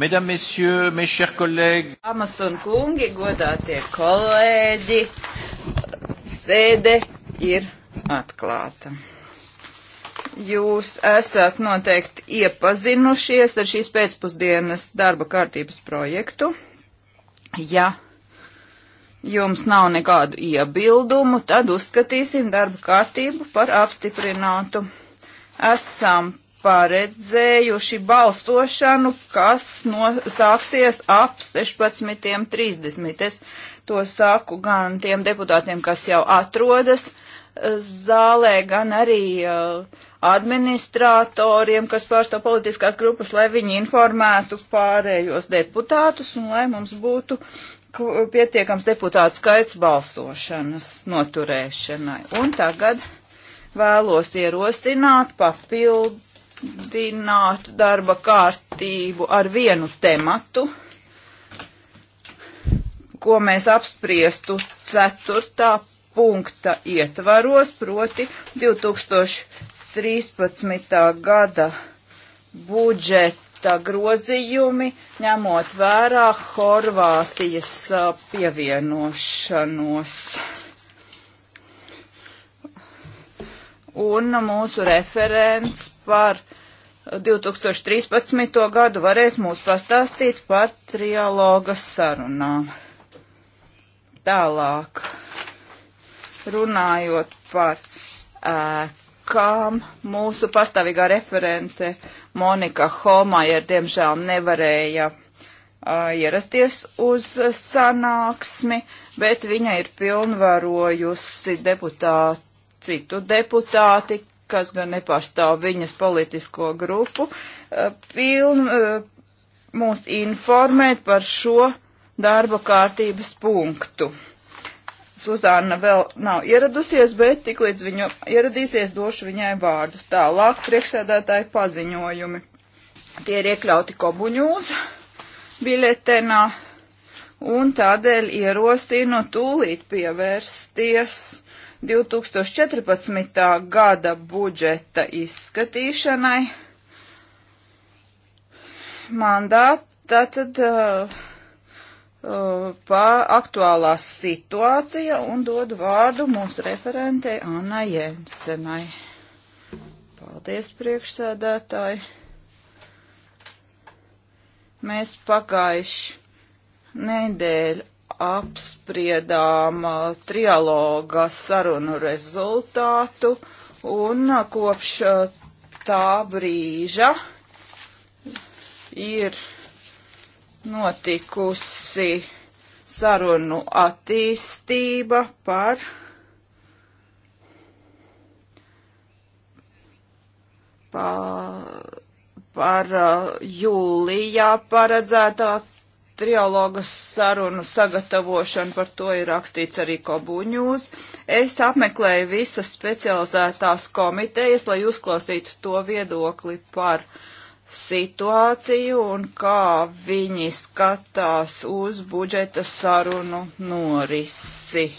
Mesdames, Messieurs, mes chers collègues. Amas un kungi, godātie kolēģi, sēde ir atklāta. Jūs esat noteikti iepazinušies ar šīs pēcpusdienas darba kārtības projektu. Ja jums nav nekādu iebildumu, tad uzskatīsim darba kārtību par apstiprinātu. Esam paredzējuši balsošanu, kas no, sāksies ap 16.30. Es to saku gan tiem deputātiem, kas jau atrodas eh, zālē, gan arī uh, administratoriem, kas pārstāv politiskās grupas, lai viņi informētu pārējos deputātus un lai mums būtu pietiekams deputātu skaits balsošanas noturēšanai. Un tagad vēlos ierosināt papildu papildināt darba kārtību ar vienu tematu, ko mēs apspriestu ceturtā punkta ietvaros, proti 2013. gada budžeta grozījumi, ņemot vērā Horvātijas pievienošanos. Un mūsu referents par 2013. gadu varēs mūs pastāstīt par trialoga sarunām. Tālāk, runājot par ēkām, mūsu pastāvīgā referente Monika Homajer diemžēl nevarēja uh, ierasties uz sanāksmi, bet viņa ir pilnvarojusi deputātu citu deputāti kas gan nepārstāv viņas politisko grupu, piln, mūs informēt par šo darba kārtības punktu. Suzāna vēl nav ieradusies, bet tiklīdz viņa ieradīsies, došu viņai vārdu. Tālāk priekšsēdētāji paziņojumi. Tie ir iekļauti kobuņūs biļetenā un tādēļ ierosinu tūlīt pievērsties 2014. gada budžeta izskatīšanai. Mandāt tātad uh, uh, pa aktuālā situācija un dodu vārdu mūsu referentei Annai Jensenai. Paldies, priekšsēdētāji. Mēs pagājuši nedēļu apspriedām trialoga sarunu rezultātu un kopš tā brīža ir notikusi sarunu attīstība par par, par jūlijā paredzētā trialoga sarunu sagatavošanu, par to ir rakstīts arī Kobuņūs. Es apmeklēju visas specializētās komitejas, lai uzklausītu to viedokli par situāciju un kā viņi skatās uz budžeta sarunu norisi.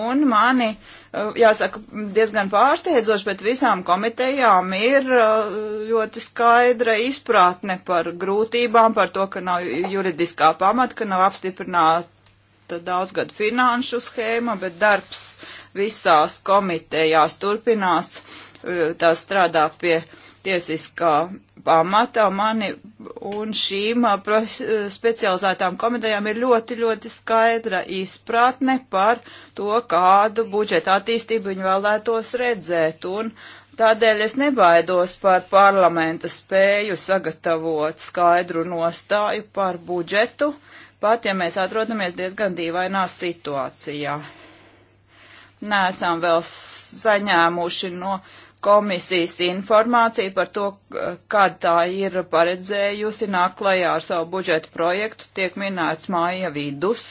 Un mani uh, Eh, jāsaka, diezgan pārsteidzoši, bet visām komitejām ir eh, ļoti skaidra izpratne par grūtībām, par to, ka nav juridiskā pamata, ka nav apstiprināta daudzgad finanšu schēma, bet darbs visās komitejās turpinās, eh, tā strādā pie tiesiskā pamatā mani un šīm specializētām komitejām ir ļoti, ļoti skaidra izpratne par to, kādu budžeta attīstību viņi vēlētos redzēt. Un tādēļ es nebaidos par parlamenta spēju sagatavot skaidru nostāju par budžetu, pat ja mēs atrodamies diezgan dīvainā situācijā. Nē, esam vēl saņēmuši no. Uh, komisijas informāciju par to, kad tā ir paredzējusi nāk klajā ar savu budžetu projektu, tiek minēts māja vidus.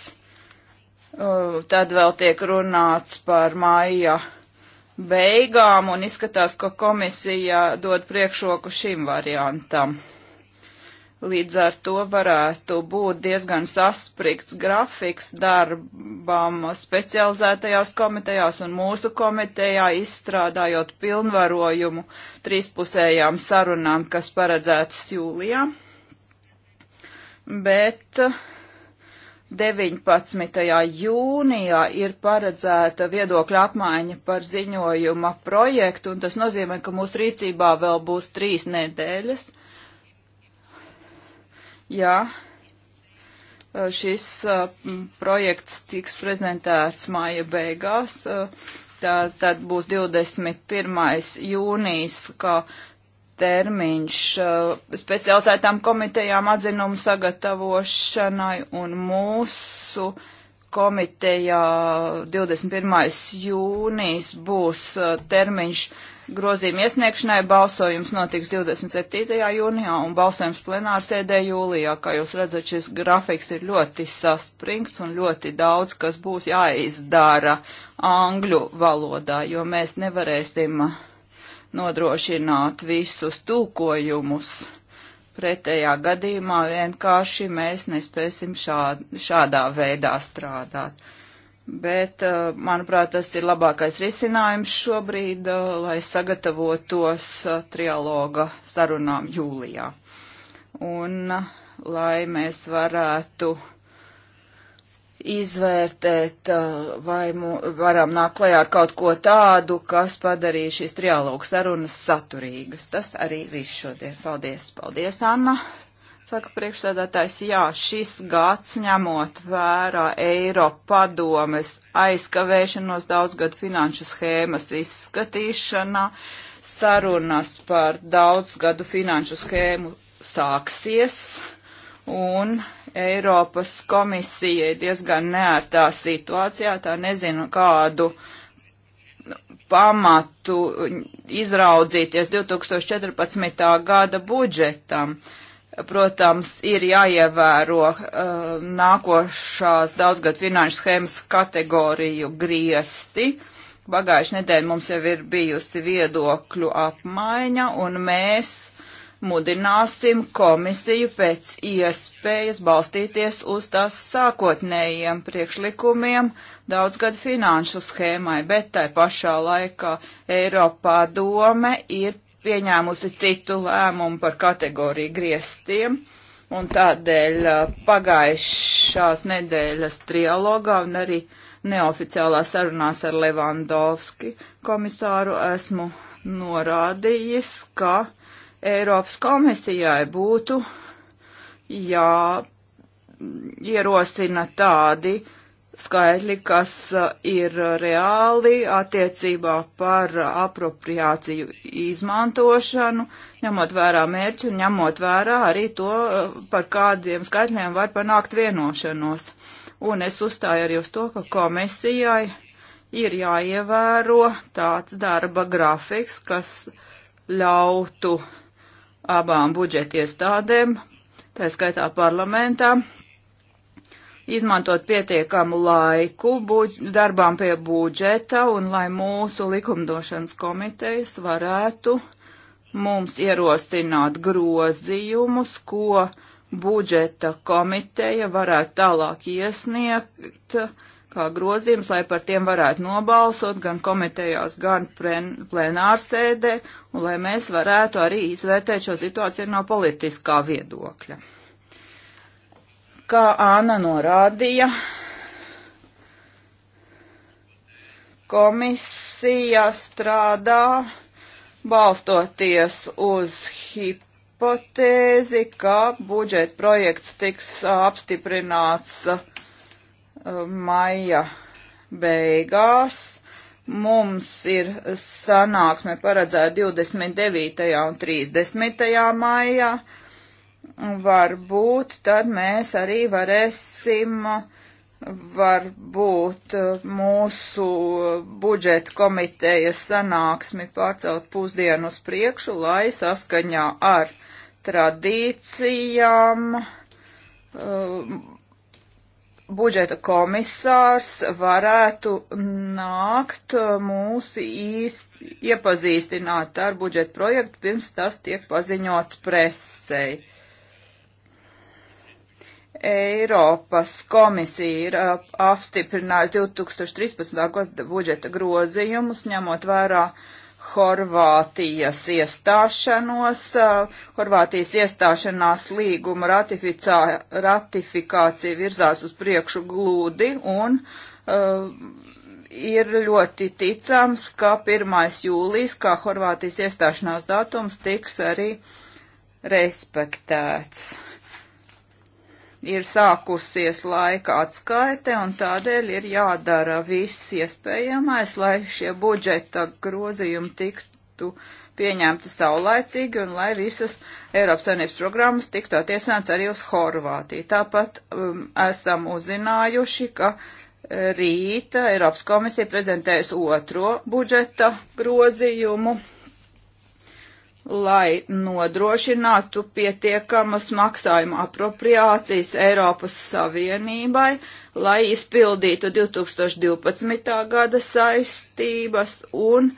Tad vēl tiek runāts par māja beigām un izskatās, ka komisija dod priekšroku šim variantam. Līdz ar to varētu būt diezgan saspringts grafiks darbam specializētajās komitejās un mūsu komitejā, izstrādājot pilnvarojumu trīspusējām sarunām, kas paredzētas jūlijā. Bet 19. jūnijā ir paredzēta viedokļa apmaiņa par ziņojuma projektu, un tas nozīmē, ka mūsu rīcībā vēl būs trīs nedēļas ja eh, šis eh, projekts tiks prezentēts māja beigās, eh, tā, tad būs 21. jūnijas, kā termiņš specializētām komitejām atzinumu sagatavošanai un mūsu komitejā 21. jūnijas būs termiņš grozījuma iesniegšanai balsojums notiks 27. jūnijā un balsojums plenārsēdē jūlijā. Kā jūs redzat, šis grafiks ir ļoti saspringts un ļoti daudz, kas būs jāizdara angļu valodā, jo mēs nevarēsim nodrošināt visus tulkojumus. Pretējā gadījumā vienkārši mēs nespēsim šā, šādā veidā strādāt bet, uh, manuprāt, tas ir labākais risinājums šobrīd, uh, lai sagatavotos uh, trialoga sarunām jūlijā. Un lai mēs varētu izvērtēt, vai varam nākt klajā ar kaut ko tādu, kas padarīja šīs trialogu sarunas saturīgas. Tas arī viss šodien. Paldies, paldies, Anna. Saka priekšsēdētājs, jā, šis gads ņemot vērā Eiropadomes aizkavēšanos daudzgadu finanšu schēmas izskatīšanā, sarunas par daudzgadu finanšu schēmu sāksies un Eiropas komisija ir diezgan neērtā situācijā, tā nezinu kādu pamatu izraudzīties 2014. gada budžetam. Uh, protams, ir jāievēro uh, nākošās daudzgad finanšu schēmas kategoriju griesti. Pagājuši nedēļ mums jau ir bijusi viedokļu apmaiņa, un mēs mudināsim komisiju pēc iespējas balstīties uz tās sākotnējiem priekšlikumiem daudzgad finanšu schēmai, bet tai pašā laikā Eiropā dome ir pieņēmusi citu lēmumu par kategoriju griestiem, un tādēļ pagājušās nedēļas trialogā un arī neoficiālā sarunās ar Levandovski komisāru esmu norādījis, ka Eiropas komisijai būtu jā ierosina tādi uh, skaitļi, kas uh, ir reāli attiecībā par apropriāciju izmantošanu, ņemot vērā mērķi un ņemot vērā arī to, uh, par kādiem skaitļiem var panākt vienošanos. Un es uzstāju arī uz to, ka komisijai ir jāievēro tāds darba grafiks, kas ļautu abām budžetiestādēm, tā skaitā parlamentām, izmantot pietiekamu laiku buģ, darbām pie budžeta un lai mūsu likumdošanas komitejas varētu mums ierosināt grozījumus, ko budžeta komiteja varētu tālāk iesniegt kā grozījums, lai par tiem varētu nobalsot gan komitejās, gan plenārsēdē, un lai mēs varētu arī izvērtēt šo situāciju no politiskā viedokļa kā Āna norādīja, komisija strādā balstoties uz hipotēzi, ka budžeta projekts tiks apstiprināts uh, maija beigās. Mums ir sanāksme paredzēta 29. un 30. maijā varbūt tad mēs arī varēsim varbūt mūsu budžeta komitejas sanāksmi pārcelt pusdienu uz priekšu, lai saskaņā ar tradīcijām um, budžeta komisārs varētu nākt mūs īsti iepazīstināt ar budžeta projektu, pirms tas tiek paziņots presei Eiropas komisija ir apstiprinājusi 2013. gada budžeta grozījumus, ņemot vērā Horvātijas iestāšanos. Horvātijas iestāšanās līguma ratifikācija virzās uz priekšu glūdi un uh, ir ļoti ticams, ka 1. jūlijas, kā Horvātijas iestāšanās datums, tiks arī respektēts ir sākusies laika atskaite un tādēļ ir jādara viss iespējamais, lai šie budžeta grozījumi tiktu pieņemti saulaicīgi un lai visas Eiropas Savienības programmas tiktu attiecināts arī uz Horvātiju. Tāpat um, esam uzzinājuši, ka eh, rīta Eiropas komisija prezentēs otro budžeta grozījumu lai nodrošinātu pietiekamas maksājuma apropriācijas Eiropas Savienībai, lai izpildītu 2012. gada saistības un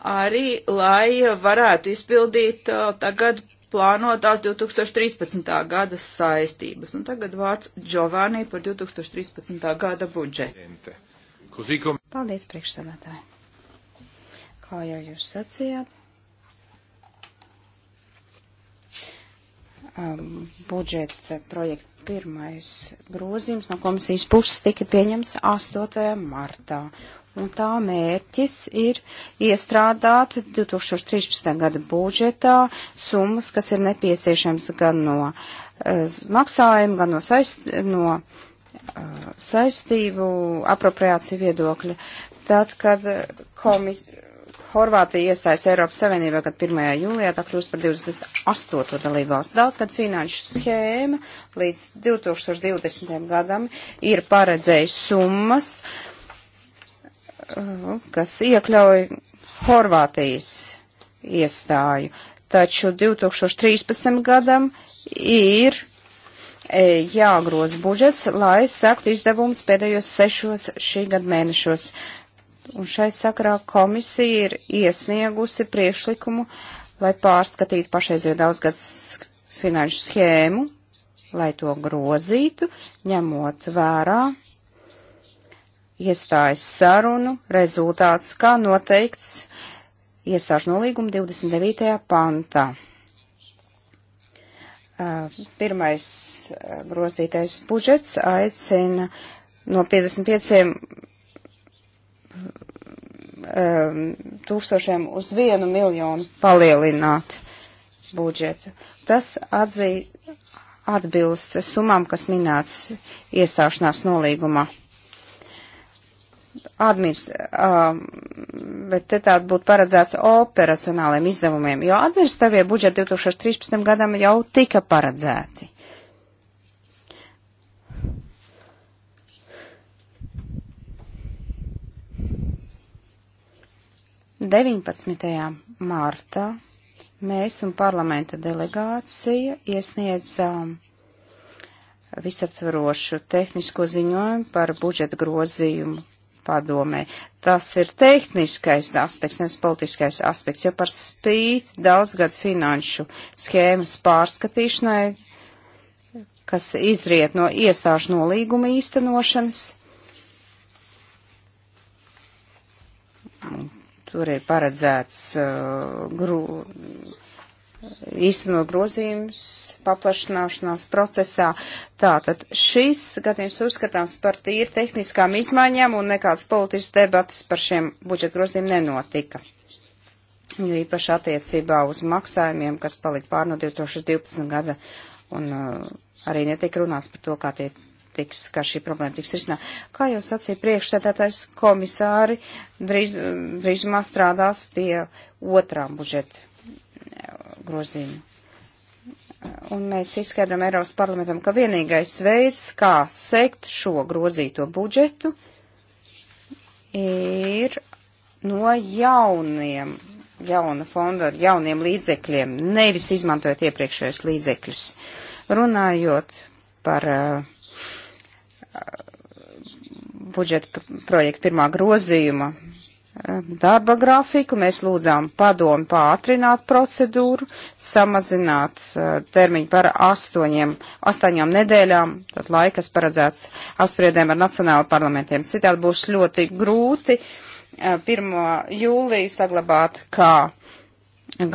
arī, lai varētu izpildīt tagad plānotās 2013. gada saistības. Un tagad vārds Giovanni par 2013. gada budžetu. Paldies, priekšsēdētāji. Kā jau jūs sacījāt, um, budžeta eh, projekta pirmais grozījums no komisijas puses tika pieņems 8. martā. Un tā mērķis ir iestrādāt 2013. gada budžetā summas, kas ir nepieciešams gan no uh, maksājuma, gan no, saist, no uh, saistību apropriāciju viedokļa. Tad, kad komis, Horvātija iestājas Eiropas Savienībā, kad 1. jūlijā tā kļūst par 28. dalībvalsts. Daudzgad finanšu schēma līdz 2020. gadam ir paredzējis summas, uh, kas iekļauj Horvātijas iestāju. Taču 2013. gadam ir e, jāgroz budžets, lai sektu izdevums pēdējos sešos šī gada mēnešos. Uh, Un šai sakrā komisija ir iesniegusi priekšlikumu, lai pārskatītu pašreizējo daudzgads finanšu schēmu, lai to grozītu, ņemot vērā iestājas sarunu rezultāts, kā noteikts iestāžu nolīguma 29. pantā. Uh, pirmais uh, grozītais budžets aicina no 55 Um, tūkstošiem uz vienu miljonu palielināt budžetu. Tas atzī, atbilst summām, kas minēts iestāšanās nolīgumā. Admirs, um, bet te tāda būtu paredzēts operacionāliem izdevumiem, jo administratīvie budžeti 2013. gadam jau tika paredzēti. 19. martā mēs un parlamenta delegācija iesniedzām visaptvarošu tehnisko ziņojumu par budžeta grozījumu padomē. Tas ir tehniskais aspekts, nevis politiskais aspekts, jo par spīti daudzgad finanšu schēmas pārskatīšanai, kas izriet no iestāžu nolīguma īstenošanas, Tur ir paredzēts uh, gru, īsteno grozījums paplašināšanās procesā. Tātad šis gadījums uzskatāms par tīri tehniskām izmaiņām un nekāds politisks debatas par šiem budžeta grozījumiem nenotika. Jo īpaši attiecībā uz maksājumiem, kas palika pār no 2012. gada un uh, arī netiek runāts par to, kā tie tiks, ka šī problēma tiks risināta. Kā jau sacīja priekšsēdētājs komisāri, drīz, drīzumā strādās pie otrām budžeta eh, grozīm. Un mēs izskaidram Eiropas parlamentam, ka vienīgais veids, kā sekt šo grozīto budžetu, ir no jauniem, jauna fonda ar jauniem līdzekļiem, nevis izmantojot iepriekšējos līdzekļus. Runājot par uh, budžeta projekta pirmā grozījuma e, darba grafiku, mēs lūdzām padomu pātrināt procedūru, samazināt uh, termiņu par astoņiem, astoņām nedēļām, tad laikas paredzēts apspriedēm ar nacionālu parlamentiem. Citādi būs ļoti grūti uh, e, 1. jūliju saglabāt kā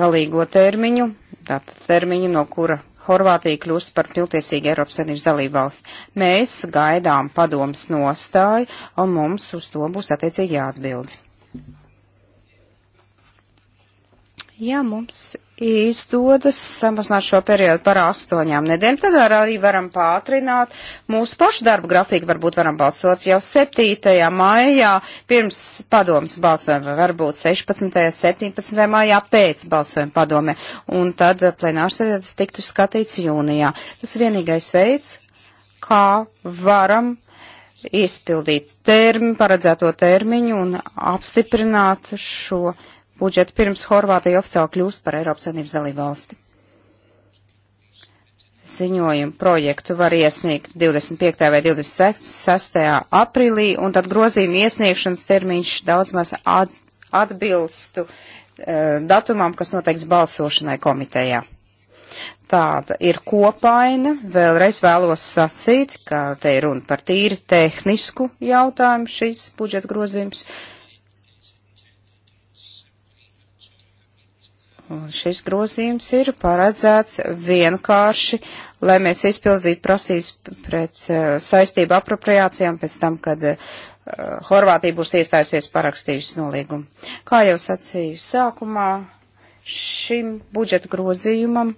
galīgo termiņu, tātad termiņu, no kura Horvātija kļūst par piltiesīgu Eiropas Savienības dalībvalsts. Mēs gaidām padomas nostāju, un mums uz to būs attiecīgi jāatbild. Ja mums izdodas samazināt šo periodu par astoņām nedēļām, tad ar arī varam pātrināt mūsu pašu darbu grafiku, varbūt varam balsot jau 7. maijā pirms padomas balsojuma, varbūt 16. 17. maijā pēc balsojuma padome, un tad eh, plenārsēdē tas tiktu skatīts jūnijā. Tas vienīgais veids, kā varam izpildīt termi, paredzēto termiņu un apstiprināt šo budžetu pirms Horvātija oficiāli kļūst par Eiropas Savienības dalību valsti. Ziņojumu projektu var iesniegt 25. vai 26. aprīlī, un tad grozījuma iesniegšanas termiņš daudz maz atbilstu uh, datumam, kas noteikts balsošanai komitejā tāda ir kopaina. Vēlreiz vēlos sacīt, ka te ir runa par tīri tehnisku jautājumu šīs budžeta grozījums. Uh, Un šis grozījums ir paredzēts vienkārši, lai mēs izpildītu prasīs pret uh, saistību apropriācijām pēc tam, kad uh, Horvātija būs iestājusies parakstījusi nolīgumu. Kā jau sacīju sākumā, šim budžeta grozījumam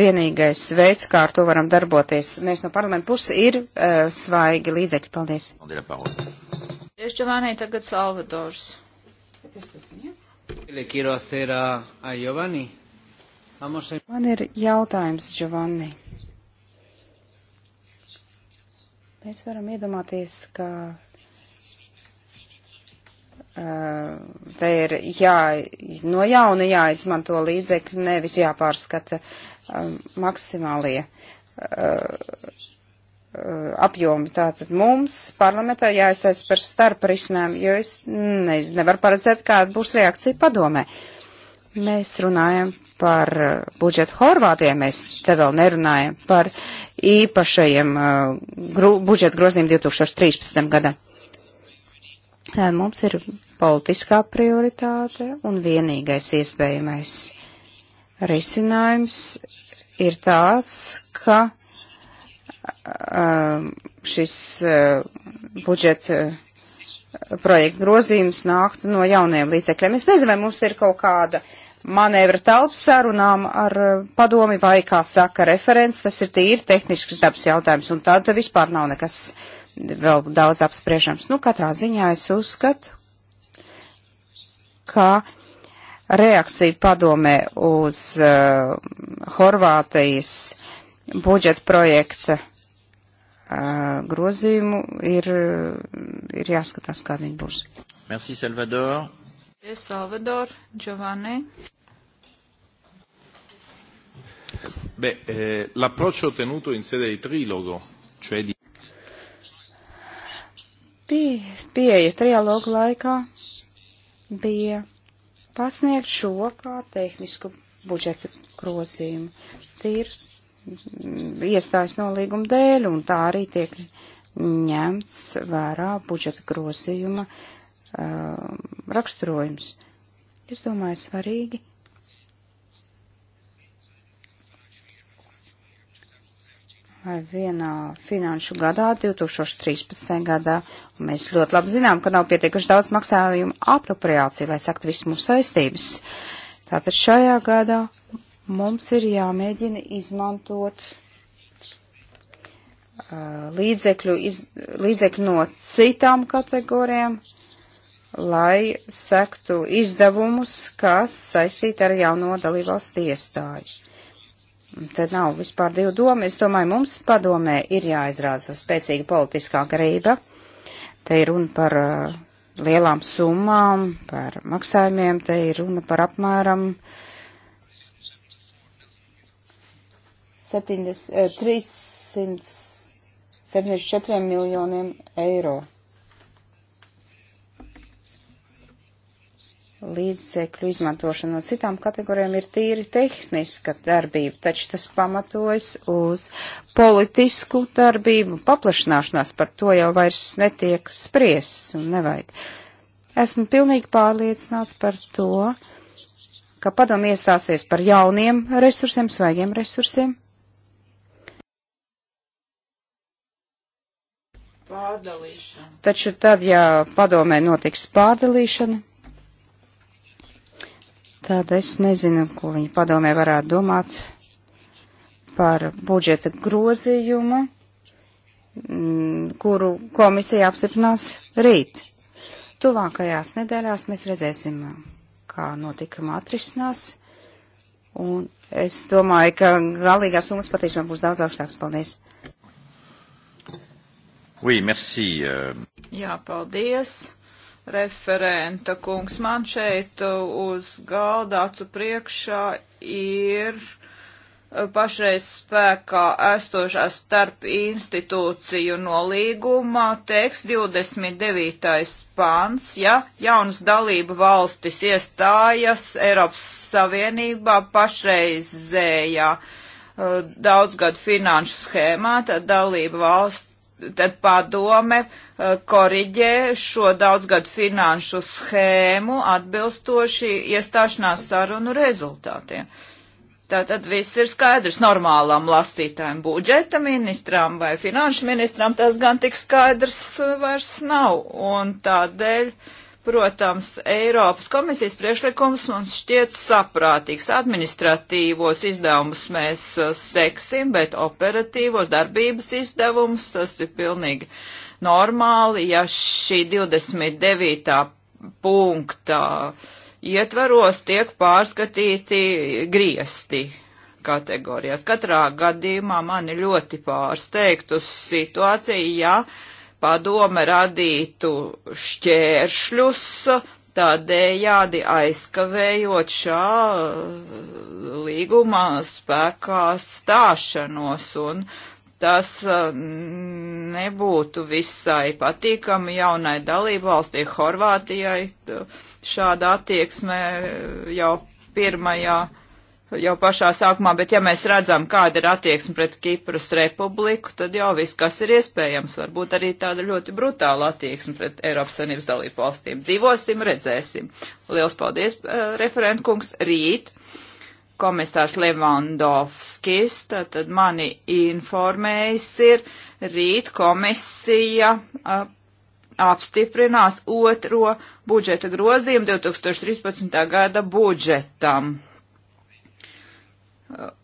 vienīgais veids, kā ar to varam darboties, mēs no parlamenta puses, ir uh, svaigi līdzekļi. Paldies! Paldies Paldies, Giovanni, tagad Salvadors. Man ir jautājums, Giovanni. Mēs varam iedomāties, ka uh, te ir jā, no jauna jāizmanto līdzekļi, nevis jāpārskata uh, maksimālie uh, Uh, apjomu. Tātad mums parlamentā jāiztais par starp risinājumu, jo es ne, nevaru paredzēt, kāda būs reakcija padomē. Mēs runājam par uh, budžetu Horvātijai, mēs te vēl nerunājam par īpašajiem uh, gru, budžeta grozījumiem 2013. gadam. Tātad uh, mums ir politiskā prioritāte un vienīgais iespējamais risinājums ir tāds, ka Um, šis uh, budžeta uh, projekta grozījums nāktu no jauniem līdzekļiem. Es nezinu, vai mums ir kaut kāda manevra telpa sarunām ar uh, padomi vai, kā saka, referents. Tas ir tīri tehnisks dabas jautājums, un tad vispār nav nekas vēl daudz apspriežams. Nu, katrā ziņā es uzskatu, ka reakcija padomē uz uh, Horvātijas budžeta projekta grozījumu ir, ir jāskatās, kā viņi būs. Merci, Salvador. Yes, Salvador, Giovanni. Beh, eh, l'approccio ottenuto in sede di trilogo, cioè di... Pie, pieeja trialogu laikā bija pasniegt šo kā tehnisku budžeta grozījumu. Tie ir iestājas nolīguma dēļ, un tā arī tiek ņemts vērā budžeta grozījuma uh, raksturojums. Es domāju, svarīgi. Vai vienā finanšu gadā, 2013. gadā, un mēs ļoti labi zinām, ka nav pietiekuši daudz maksājumu apropriāciju, lai saktu visu mūsu saistības. Tātad šajā gadā Mums ir jāmēģina izmantot uh, līdzekļu, iz, līdzekļu no citām kategorijām, lai sektu izdevumus, kas saistīti ar jauno dalībvalstu iestāju. Te nav vispār divu domu. Es domāju, mums padomē ir jāizrāda spēcīga politiskā grība. Te ir runa par uh, lielām summām, par maksājumiem, te ir runa par apmēram uh, 70, 374 eh, miljoniem eiro. Līdzekļu izmantošana no citām kategorijām ir tīri tehniska darbība, taču tas pamatojas uz politisku darbību, paplašināšanās par to jau vairs netiek spriests un nevajag. Esmu pilnīgi pārliecināts par to, ka padomu iestāsies par jauniem resursiem, svaigiem resursiem, Pārdalīšana. Taču tad, ja padomē notiks pārdalīšana, tad es nezinu, ko viņi padomē varētu domāt par budžeta grozījumu, mm, kuru komisija apstiprinās rīt. Tuvākajās nedēļās mēs redzēsim, kā notikuma atrisinās. Un es domāju, ka galīgās summas patiesībā būs daudz augstākas. Paldies! Oui, merci. Euh. Jā, paldies. Referenta kungs, man šeit uh, uz galdācu priekšā ir uh, pašreiz spēkā estošā starp institūciju nolīgumā teiks 29. pants, ja jaunas dalība valstis iestājas Eiropas Savienībā pašreizējā uh, daudzgadu finanšu schēmā, tad dalība valsts tad padome eh, koriģē šo daudzgadu finanšu schēmu atbilstoši iestāšanās sarunu rezultātiem. Tātad viss ir skaidrs normālām lasītājiem, budžeta ministram vai finanšu ministram, tas gan tik skaidrs eh, vairs nav. Un tādēļ uh, Protams, Eiropas komisijas priešlikums mums šķiet saprātīgs. Administratīvos izdevumus mēs uh, seksim, bet operatīvos darbības izdevumus tas ir pilnīgi normāli, ja šī 29. punktā ietvaros tiek pārskatīti griesti kategorijās. Katrā gadījumā mani ļoti pārsteigtu situācija, ja padome radītu šķēršļus, tādējādi aizkavējot šā uh, līgumā spēkā stāšanos un tas uh, nebūtu visai patīkami jaunai dalībvalstī Horvātijai uh, šāda attieksme jau pirmajā jau pašā sākumā, bet ja mēs redzam, kāda ir attieksme pret Kipras republiku, tad jau viss, kas ir iespējams, varbūt arī tāda ļoti brutāla attieksme pret Eiropas Savienības dalību valstīm. Dzīvosim, redzēsim. Liels paldies, uh, referentkungs, rīt. Komisārs Levandovskis, tad mani informējis ir, rīt komisija uh, apstiprinās otro budžeta grozījumu 2013. gada budžetam.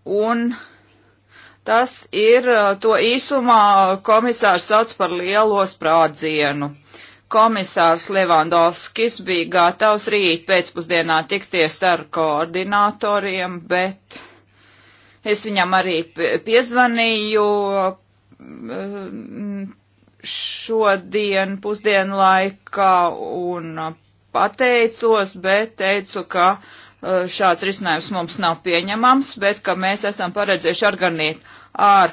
Un tas ir, uh, to īsumā komisārs sauc par lielo sprādzienu. Komisārs Levandovskis bija gatavs rīt pēcpusdienā tikties ar koordinatoriem, bet es viņam arī piezvanīju uh, šodien pusdienu laikā un uh, pateicos, bet teicu, ka uh, Eh, šāds risinājums mums nav pieņemams, bet ka mēs esam paredzējuši organizēt ār,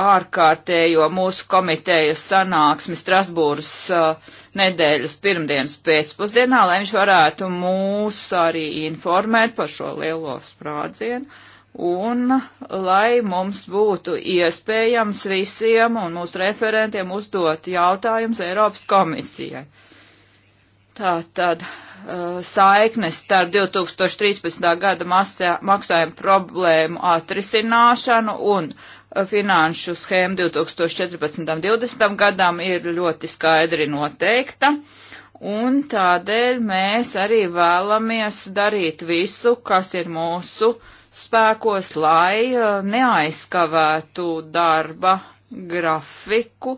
ārkārtējo mūsu komitejas sanāksmi Strasbūras uh, nedēļas pirmdienas pēcpusdienā, lai viņš varētu mūs arī informēt par šo lielo sprādzienu. Un lai mums būtu iespējams visiem un mūsu referentiem uzdot jautājumus Eiropas komisijai. Tā tad Uh, saiknes starp 2013. gada masā, maksājumu problēmu atrisināšanu un uh, finanšu schēmu 2014-2020 gadam ir ļoti skaidri noteikta. Un tādēļ mēs arī vēlamies darīt visu, kas ir mūsu spēkos, lai uh, neaizskavētu darba grafiku,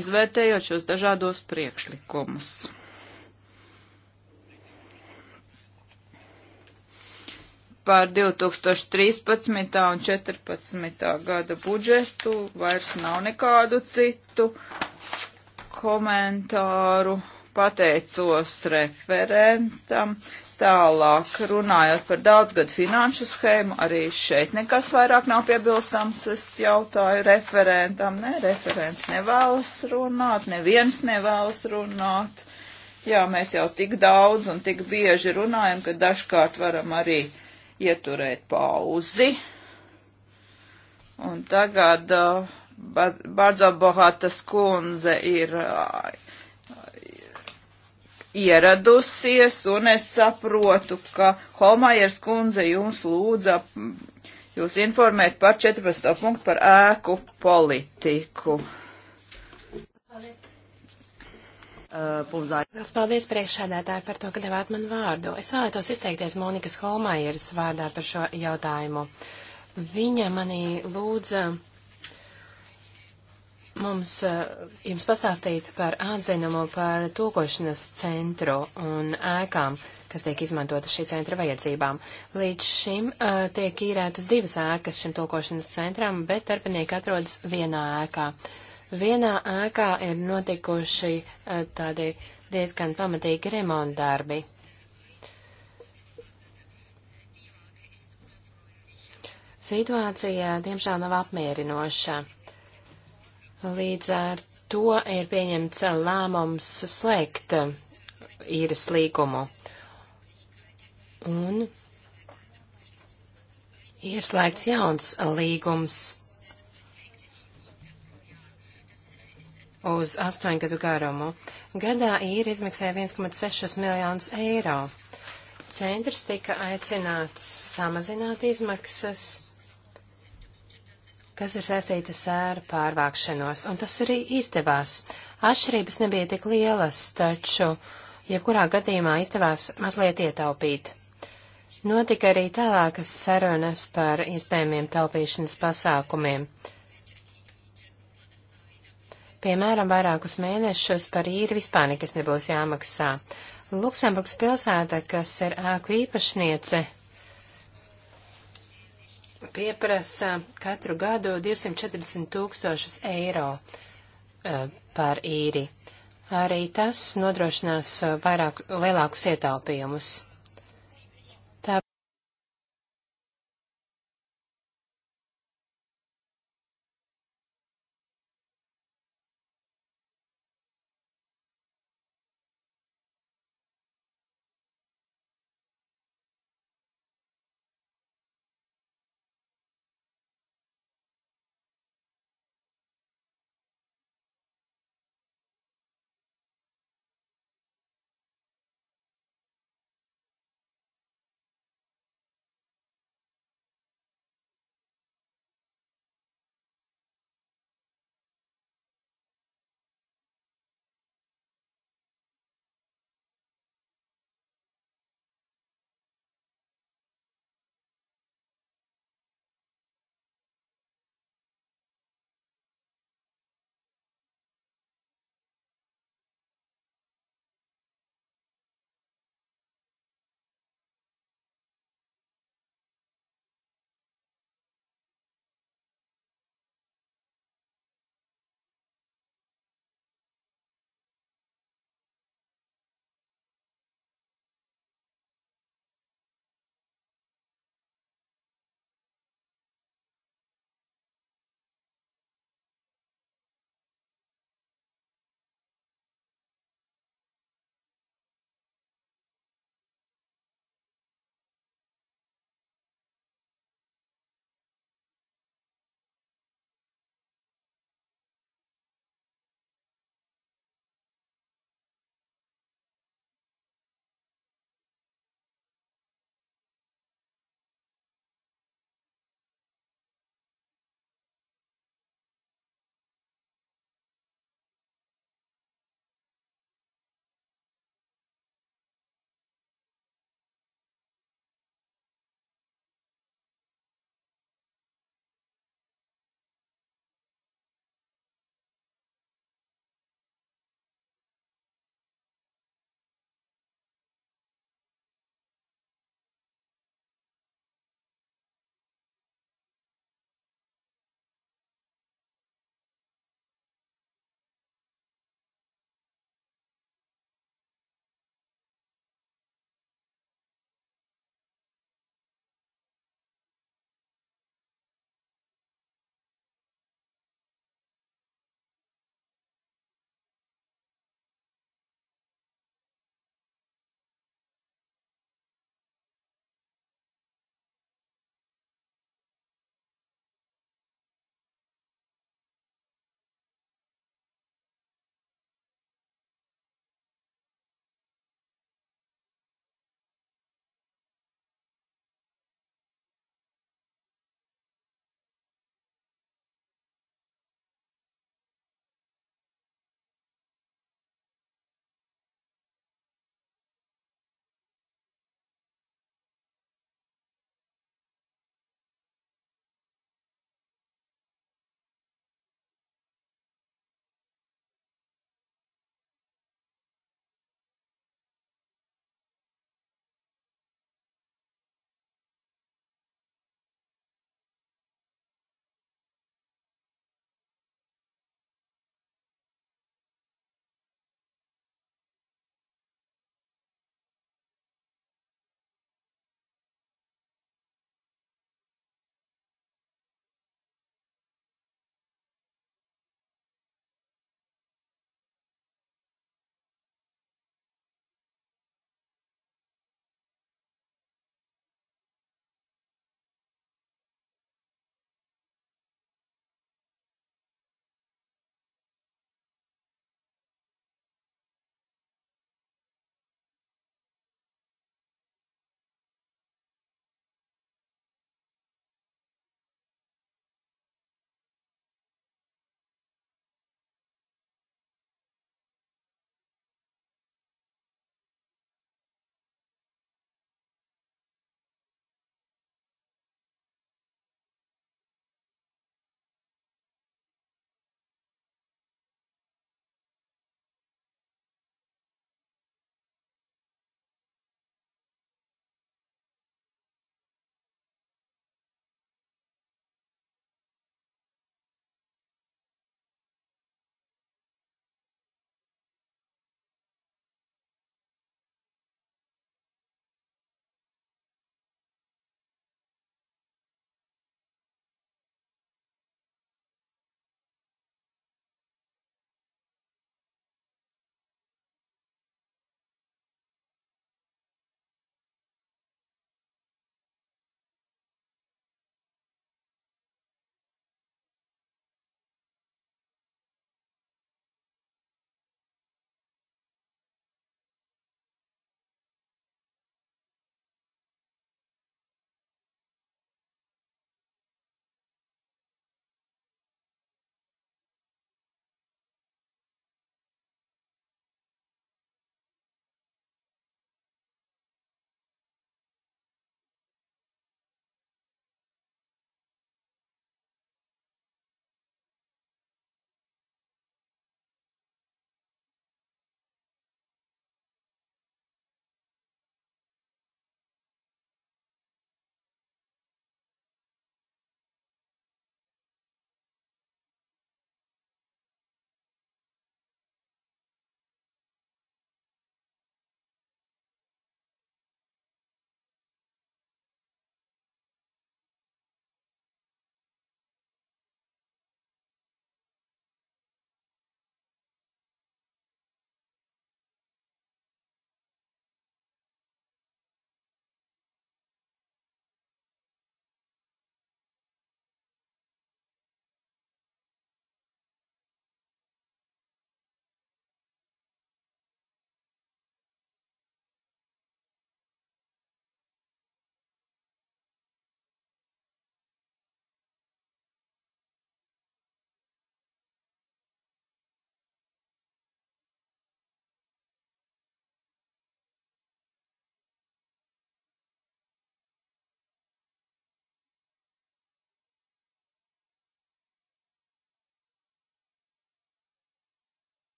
izvērtējot šos dažādos priekšlikumus. par 2013. un 2014. gada budžetu vairs nav nekādu citu komentāru. Pateicos referentam. Tālāk runājot par daudzgadu finanšu schēmu, arī šeit nekas vairāk nav piebilstams. Es jautāju referentam. Nē, ne, referents nevēlas runāt, neviens nevēlas runāt. Jā, mēs jau tik daudz un tik bieži runājam, ka dažkārt varam arī uh, ieturēt pauzi. Un tagad uh, Bardzo Bohatas kundze ir uh, ieradusies, un es saprotu, ka Holmajers kundze jums lūdza mm, jūs informēt par 14. punktu par ēku politiku. Uh, Lielas paldies priekšsēdētāji par to, ka devāt man vārdu. Es vēlētos izteikties Monikas Holmajeras vārdā par šo jautājumu. Viņa manī lūdza mums, uh, jums pastāstīt par atzinumu par tūkošanas centru un ēkām, kas tiek izmantota šī centra vajadzībām. Līdz šim uh, tiek īrētas divas ēkas šim tūkošanas centram, bet darbinieki atrodas vienā ēkā. Uh, Vienā ēkā ir notikuši e, tādi diezgan pamatīgi remontdarbi. Situācija, diemžēl, nav apmierinoša. Līdz ar to ir pieņemts lēmums slēgt īres līgumu. Un ieslēgts jauns līgums uz 8 gadu garumu. Gadā īri izmaksāja 1,6 miljonus eiro. Centrs tika aicināts samazināt izmaksas, kas ir saistītas ar pārvākšanos, un tas arī izdevās. Atšķirības nebija tik lielas, taču jebkurā gadījumā izdevās mazliet ietaupīt. Notika arī tālākas sarunas par iespējamiem taupīšanas pasākumiem. Piemēram, vairākus mēnešus par īri vispār nekas nebūs jāmaksā. Luksemburgas pilsēta, kas ir ēku īpašniece, pieprasa katru gadu 240 tūkstošus eiro uh, par īri. Arī tas nodrošinās vairāk, lielākus ietaupījumus.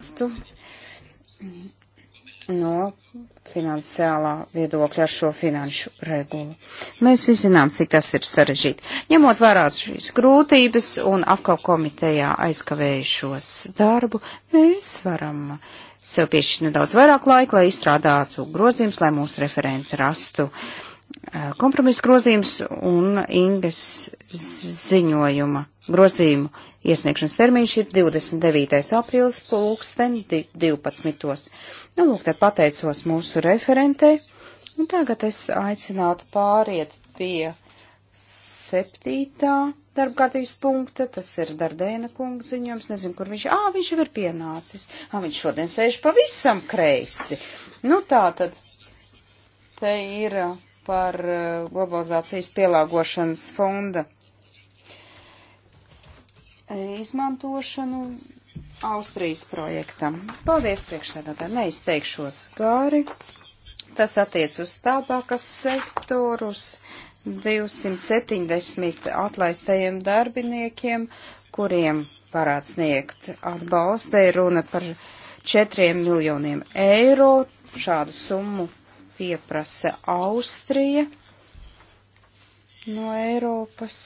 atbalstu no finansiālā viedokļa ar šo finanšu regulu. Mēs visi zinām, cik tas ir sarežģīti. Ņemot vērā šīs grūtības un apkau komitejā aizkavējušos darbu, mēs varam sev piešķirt nedaudz vairāk laika, lai izstrādātu grozījums, lai mūsu referenti rastu eh, kompromisu grozījums un Ingas ziņojuma grozījumu Iesniegšanas termiņš ir 29. aprīlis pulksten 12. Nu, lūk, tad pateicos mūsu referentei. Un tagad es aicinātu pāriet pie septītā darbkārtības punkta, tas ir Dardēna kunga ziņojums, nezinu, kur viņš, ā, viņš jau ir pienācis, ā, viņš šodien sēž pavisam kreisi. Nu tā tad, te ir par eh, globalizācijas pielāgošanas fonda izmantošanu Austrijas projektam. Paldies priekšsēdētāji, neizteikšos gāri. Tas attiec uz tabakas sektorus, 270 atlaistajiem darbiniekiem, kuriem varētu sniegt atbalstu. Te ir runa par 4 miljoniem eiro. Šādu summu pieprasa Austrija no Eiropas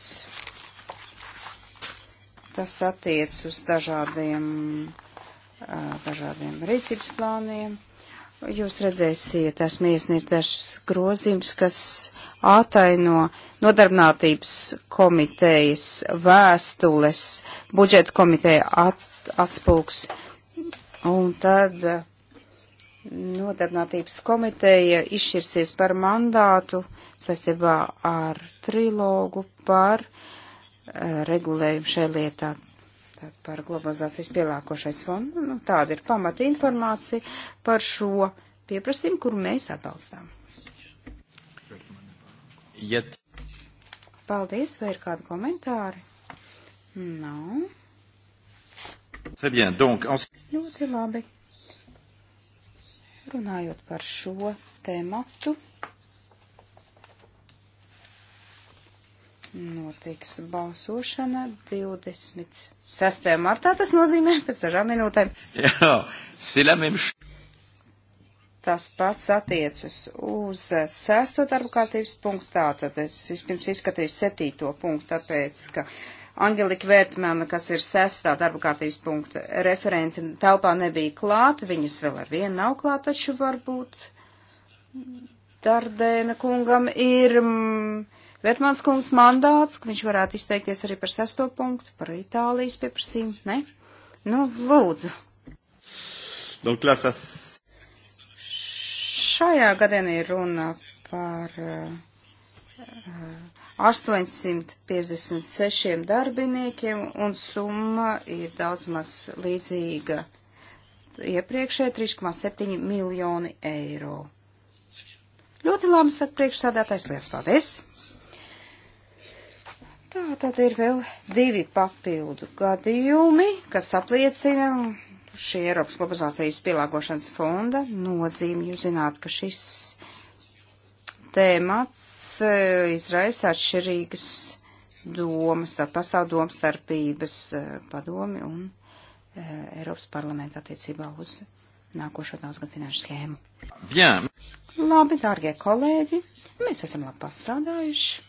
Tas attiec uz dažādiem, dažādiem rīcības plāniem. Jūs redzēsiet, esmu iesniedzis dažs grozījums, kas ātaino nodarbinātības komitejas vēstules budžeta komiteja at, atspūgs. Un tad nodarbinātības komiteja izšķirsies par mandātu saistībā ar trilogu par regulējumu šai lietā par globalizācijas pielākošais fondu. Nu, tāda ir pamata informācija par šo pieprasījumu, kuru mēs atbalstām. Jet. Paldies, vai ir kādi komentāri? Nav. No. Très bien, donc, en... Ļoti labi. Runājot par šo tēmatu, notiks balsošana 26. martā, tas nozīmē pēc dažām minūtēm. Jā, silamimš. Tas pats attiecas uz sesto darba kārtības punktu, tātad es vispirms izskatīju septīto punktu, tāpēc, ka Angelika Vērtmēna, kas ir sestā darba kārtības punkta referente, telpā nebija klāt, viņas vēl ar vienu nav klāt, taču varbūt Dardēna kungam ir. Mm, Vērtmans kungs mandāts, ka viņš varētu izteikties arī par sesto punktu, par Itālijas pieprasījumu, ne? Nu, lūdzu. Donc, là, ça... Šajā gadienī runa par uh, eh, 856 darbiniekiem un summa ir daudz maz līdzīga iepriekšē 3,7 miljoni eiro. Ļoti labi, saka priekšsādātājs, liels paldies! Tā tad ir vēl divi papildu gadījumi, kas apliecina šī Eiropas globalizācijas pielāgošanas fonda nozīmi. Jūs zināt, ka šis tēmats eh, izraisa atšķirīgas domas, tad pastāv domstarpības eh, padomi un eh, Eiropas parlamenta attiecībā uz nākošo daudzgad finanšu schēmu. Jā. Labi, dārgie kolēģi, mēs esam labi pastrādājuši.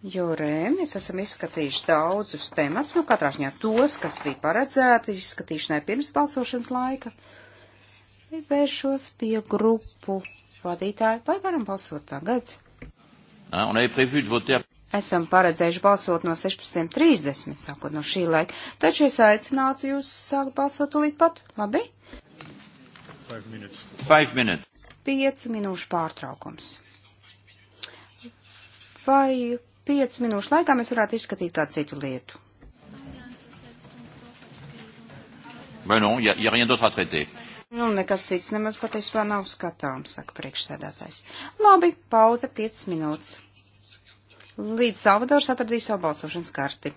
Jo rē, mēs esam izskatījuši daudzus tematus, nu katrā ziņā tos, kas bija paredzēti izskatīšanai pirms balsošanas laika. Vēršos pie grupu vadītāju. Vai varam balsot tagad? Esam paredzējuši balsot no 16.30, sākot no šī laika. Taču es aicinātu jūs sākt balsot tūlīt pat. Labi? Piecu minūšu pārtraukums. Vai 5 minūšu laikā mēs varētu izskatīt kādu citu lietu. Ben non, y a, y a rien d'autre à traiter. Nu, nekas cits nemaz patiesībā nav skatāms, saka priekšsēdētājs. Labi, pauze 5 minūtes. Līdz Salvadors atradīs savu balsošanas karti.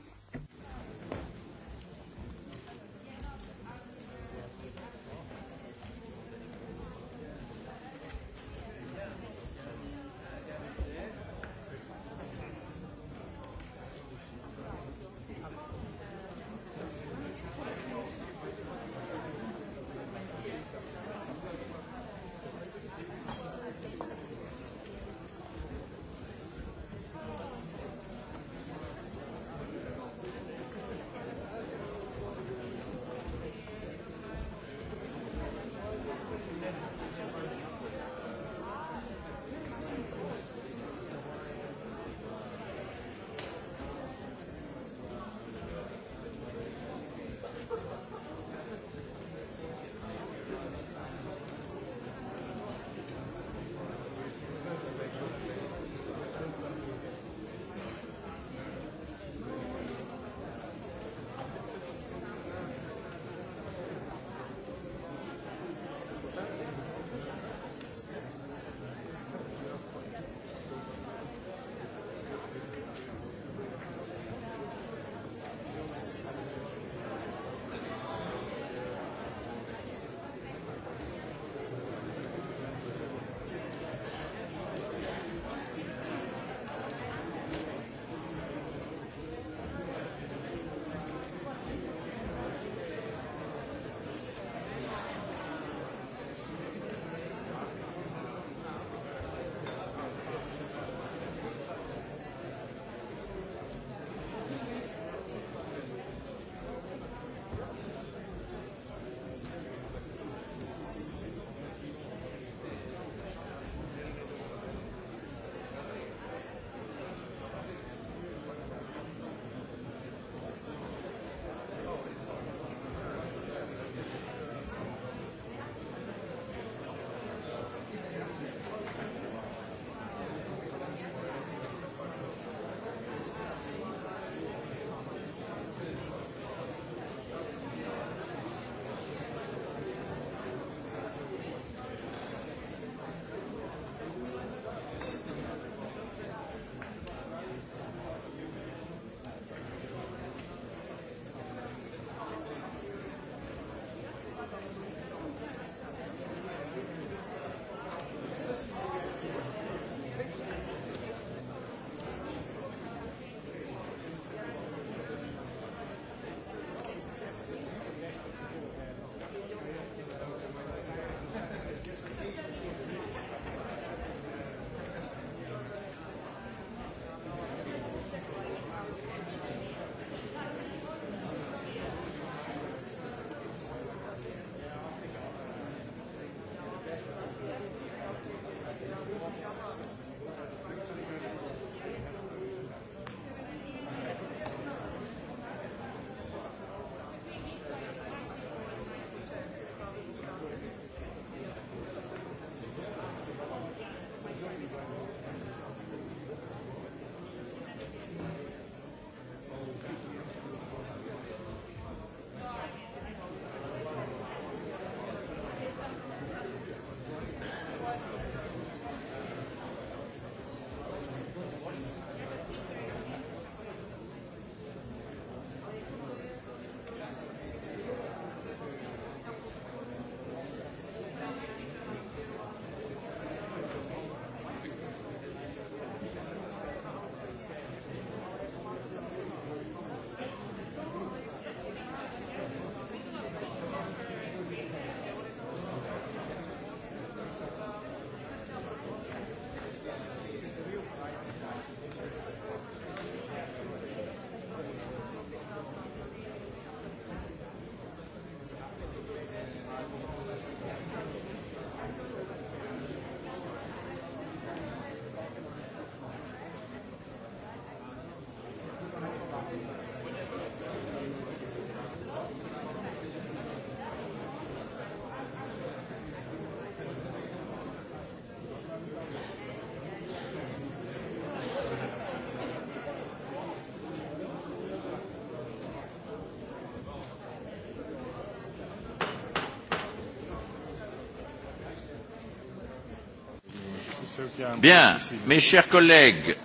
Bien, mes chers collègues.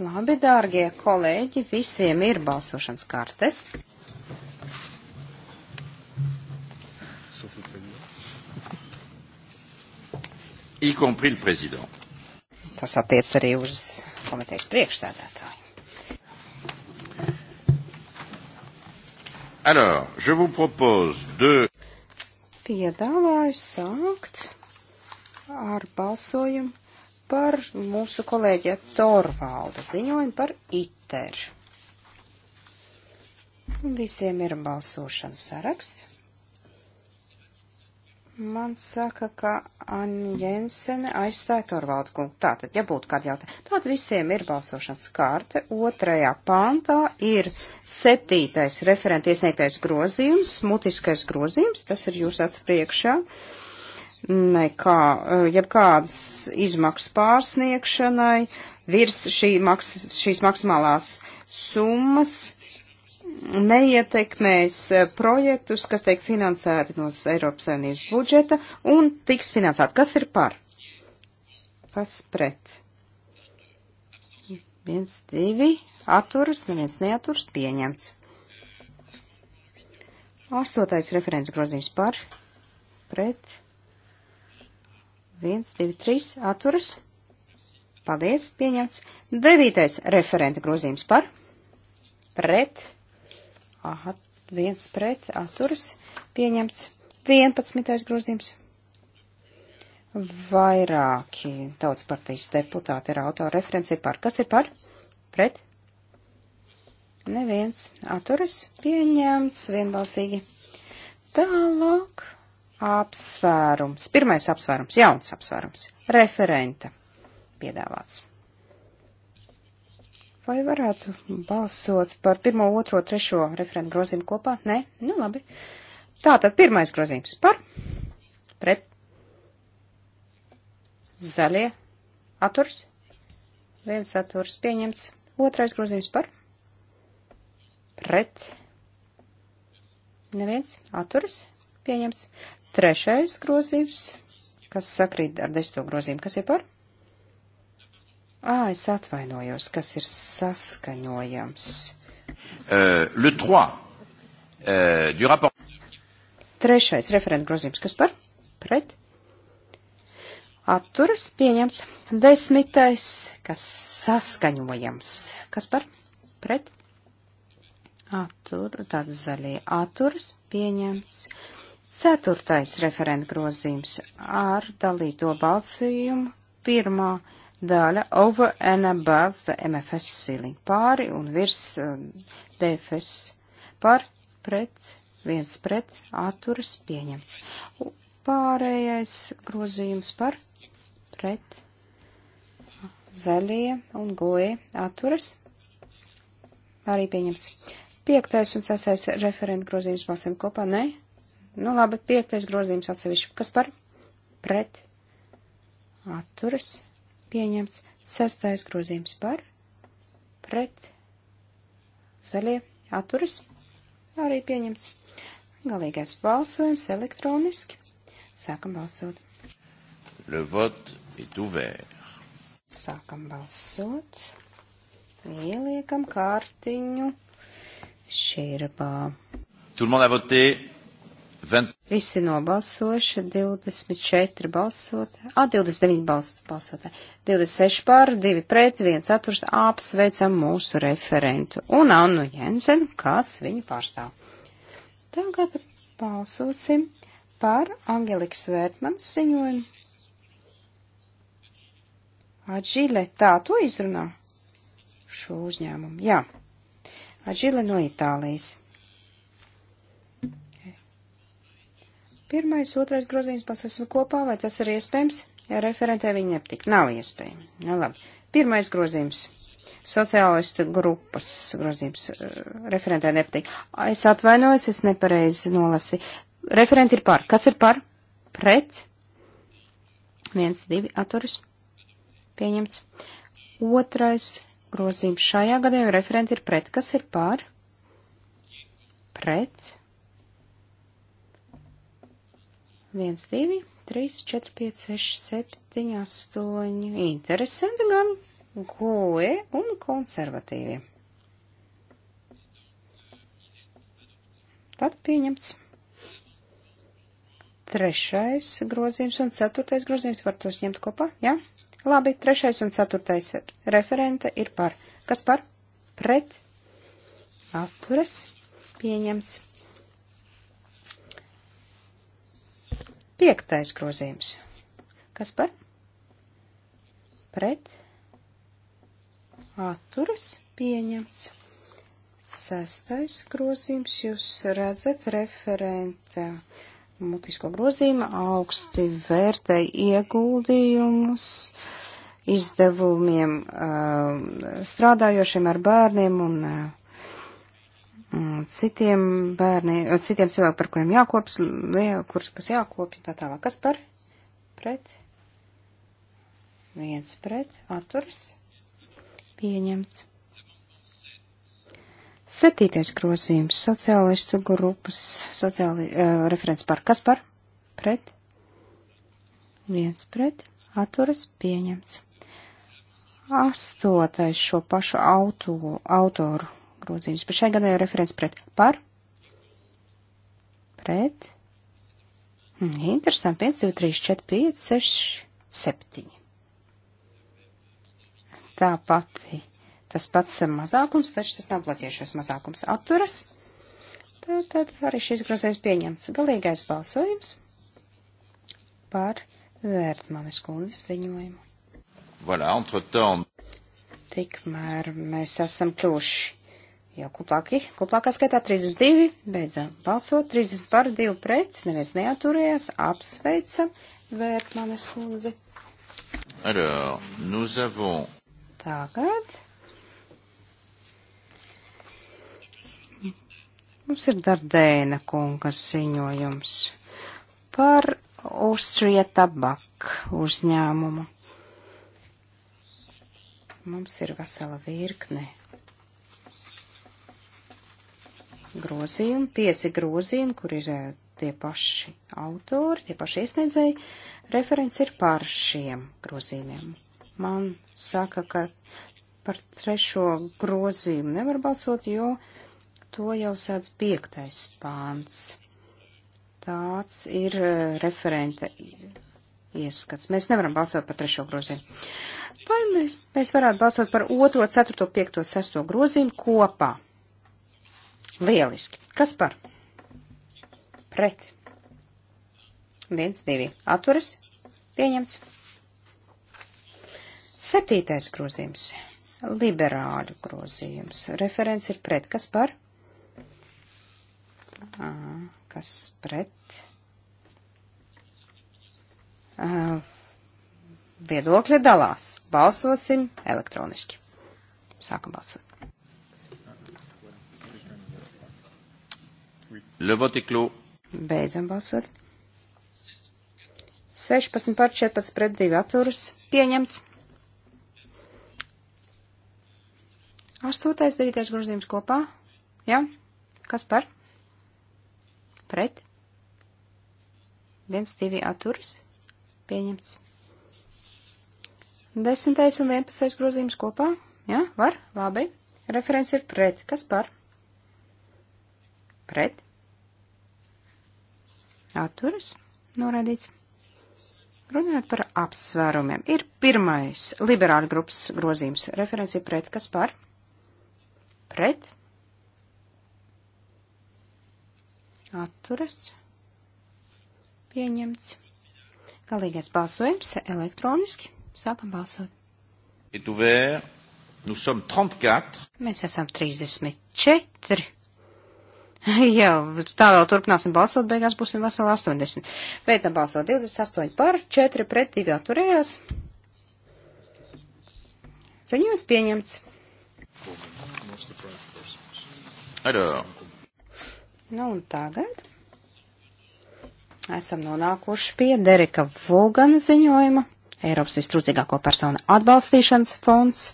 Labi, dārgie kolēģi, visiem ir balsošanas kartes. Y compris le président. Tas attiec arī uz komitejas priekšsēdētāju. Alors, je vous propose de... Piedāvāju sākt ar balsojumu par mūsu kolēģa Torvalda ziņojumu par ITER. Visiem ir balsošanas saraksts. Man saka, ka Anna Jensene aizstāja Torvaldu kungu. Tātad, ja būtu kādi jautājumi. Tātad visiem ir balsošanas kārte. Otrajā pāntā ir septītais referenta iesniegtais grozījums, mutiskais grozījums. Tas ir jūs atspriekšā. priekšā nekā, eh, jebkādas izmaksas pārsniegšanai virs šī maks, šīs maksimālās summas neietekmēs eh, projektus, kas tiek finansēti no Eiropas Savienības budžeta un tiks finansēti. Kas ir par? Kas pret? Viens, divi, atturas, neviens neaturas, pieņemts. Astotais referents grozījums par, pret, 1, 2, 3, atturas. Paldies, pieņemts. Devītais referenta grozījums par. Pret. Aha, viens pret, atturas. Pieņemts. Vienpadsmitais grozījums. Vairāki tautas partijas deputāti ir autoreferenci par. Kas ir par? Pret. Neviens. Atturas. Pieņemts vienbalsīgi. Tālāk apsvērums, pirmais apsvērums, jauns apsvērums, referenta piedāvāts. Vai varētu balsot par pirmo, otro, trešo referentu grozījumu kopā? Nē, nu labi. Tātad pirmais grozījums par, pret, zaļie, aturs, viens aturs pieņemts, otrais grozījums par, pret, neviens, aturs, pieņemts. Trešais grozījums, kas sakrīt ar desmito grozījumu, kas ir par? Ā, es atvainojos, kas ir saskaņojams. Uh, le 3 uh, du rapport. Trešais referenta grozījums, kas par? Pret? Atturas pieņemts. Desmitais, kas saskaņojams. Kas par? Pret? Attur, tad zaļie atturas pieņemts. Uh, Ceturtais referenta grozījums ar dalīto balsījumu pirmā daļa over and above the MFS ceiling pāri un virs uh, um, DFS par pret, viens pret, atturas pieņemts. Pārējais grozījums par pret, zaļie un goji atturas arī pieņemts. Piektais un sestais referenta grozījums balsīm kopā, ne? Nu labi, piektais grozījums atsevišķi. Kas par? Pret. Atturas. Pieņemts. Sestais grozījums par. Pret. Zaļie. Atturas. Arī pieņemts. Galīgais balsojums elektroniski. Sākam balsot. Le vote est ouvert. Sākam balsot. Ieliekam kārtiņu šķirbā. Tout le monde a voté. 20... Visi nobalsojuši, 24 balsot, a, 29 balsot, 26 pār, 2 pret, 1 atturs, apsveicam mūsu referentu un Annu Jensenu, kas viņu pārstāv. Tagad balsosim par Angelikas Vērtmanas ziņojumu. Adžile, tā to izrunā? Šo uzņēmumu, jā. Adžile no Itālijas. Pirmais, otrais grozījums balsosim kopā, vai tas ir iespējams? Ja referentē viņa nepatīk. Nav iespējams. Nu, labi. Pirmais grozījums. Sociālistu grupas grozījums. Eh, referentē nepatīk. Es atvainojos, es nepareizi nolasīju. Referenti ir par. Kas ir par? Pret. Viens, divi, atturis. Pieņemts. Otrais grozījums šajā gadījumā referenti ir pret. Kas ir par? Pret 1, 2, 3, 4, 5, 6, 7, 8. Interesanti gan goe un konservatīvi. Tad pieņemts trešais grozījums un ceturtais grozījums. Var tos ņemt kopā? Jā? Ja? Labi, trešais un ceturtais referente ir par. Kas par? Pret. Atturas. Pieņemts. Piektais grozījums. Kas par? Pret. Atturas pieņemts. Sestais grozījums. Jūs redzat referenta mutisko grozījumu augsti vērtēja ieguldījumus izdevumiem um, strādājošiem ar bērniem un uh, Mm, citiem bērniem, eh, citiem cilvēkiem, par kuriem jākops, kurus, kas jākopja, tā tālāk. Kas par? Pret? Viens pret, atturs, pieņemts. Septītais grozījums - sociālistu grupas sociāli, uh, referents par kas par? Pret? Viens pret, atturas, pieņemts. Astotais šo pašu auto, autoru grozījums. Par šai gadēju referents pret par. Pret. Hm, interesanti. 5, 2, 3, 4, 5, 6, 7. Tā pati. Tas pats mazākums, taču tas nav platīšais mazākums. Atturas. Tad, tad arī šis grozījums pieņemts. Galīgais balsojums par Vērtmanis kundzes ziņojumu. Voilà, entre temps. Tikmēr mēs esam kļuvuši jau kuplāki, kuplākā skaitā 32, beidzām balsot, 30 par, 2 pret, neviens neaturējās, apsveicam Vērtmanes kundzi. Alors, nous avons... Tagad. Mums ir Dardēna kungas ziņojums par Austrija tabak uzņēmumu. Mums ir vesela virkne grozījumi, pieci grozījumi, kur ir eh, tie paši autori, tie paši iesniedzēji. Referents ir par šiem grozījumiem. Man saka, ka par trešo grozījumu nevar balsot, jo to jau sēdz piektais pāns. Tāds ir eh, referenta ieskats. Mēs nevaram balsot par trešo grozījumu. Vai mēs, mēs varētu balsot par otro, ceturto, piekto, sesto grozījumu kopā? Lieliski. Kas par? Pret. Viens, divi. Atturas. Pieņemts. Septītais grozījums. Liberāļu grozījums. Referents ir pret. Kas par? À, kas pret? À, viedokļi dalās. Balsosim elektroniski. Sākam balsot. Le vote est clos. Beidzam balsot. 16 par 14 pret 2 atturas. Pieņemts. 8. 9. grozījums kopā. Jā? Ja? Kas par? Pret. 1, 2 atturas. Pieņemts. 10. un 11. grozījums kopā. Jā? Ja? Var? Labi. Referents ir pret. Kas par? Pret atturas norādīts. Runājot par apsvērumiem, ir pirmais liberāļu grupas grozījums referenci pret, kas par? Pret? Atturas. Pieņemts. Galīgais balsojums elektroniski. Sākam balsot. Mēs esam 34. Jā, tā vēl turpināsim balsot, beigās būsim veseli 80. Beidzam balsot 28 par, 4 pret 2 atturējās. Ziņojums pieņemts. Adā. Nu, un tagad esam nonākuši pie Derika Vogana ziņojuma. Eiropas vistrūcīgāko personu atbalstīšanas fonds.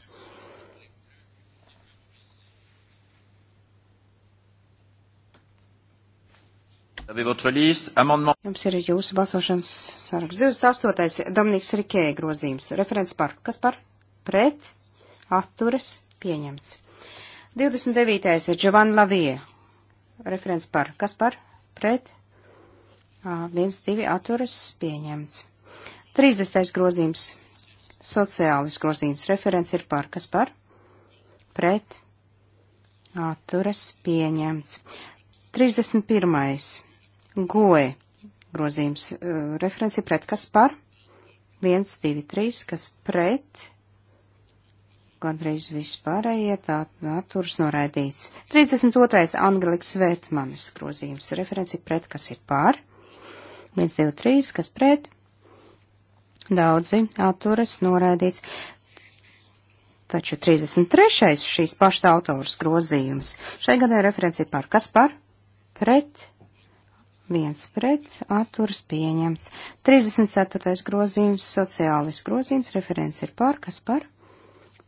Jums ir jūsu balsošanas saraksts. 28. Dominiks Rikēja grozījums. Referents par. Kas par? Pret. Atturas. Pieņemts. 29. Džovan Lavie. Referents par. Kas par? Pret. 1, 2. Atturas. Pieņemts. 30. grozījums. Sociālis grozījums. Referents ir par. Kas par? Pret. Atturas. Pieņemts. 31. Goe grozījums uh, referenci pret kas par? 1, 2, 3, kas pret? Gandrīz vispārējie tā naturs noraidīts. 32. Angeliks Vērtmanis grozījums referenci pret kas ir par? 1, 2, 3, kas pret? Daudzi atturas noraidīts. Taču 33. šīs pašas autors grozījums. Šai gadai referenci par kas par? Pret? viens pret, atturs pieņemts. 34. grozījums, sociālis grozījums, referents ir par, kas par,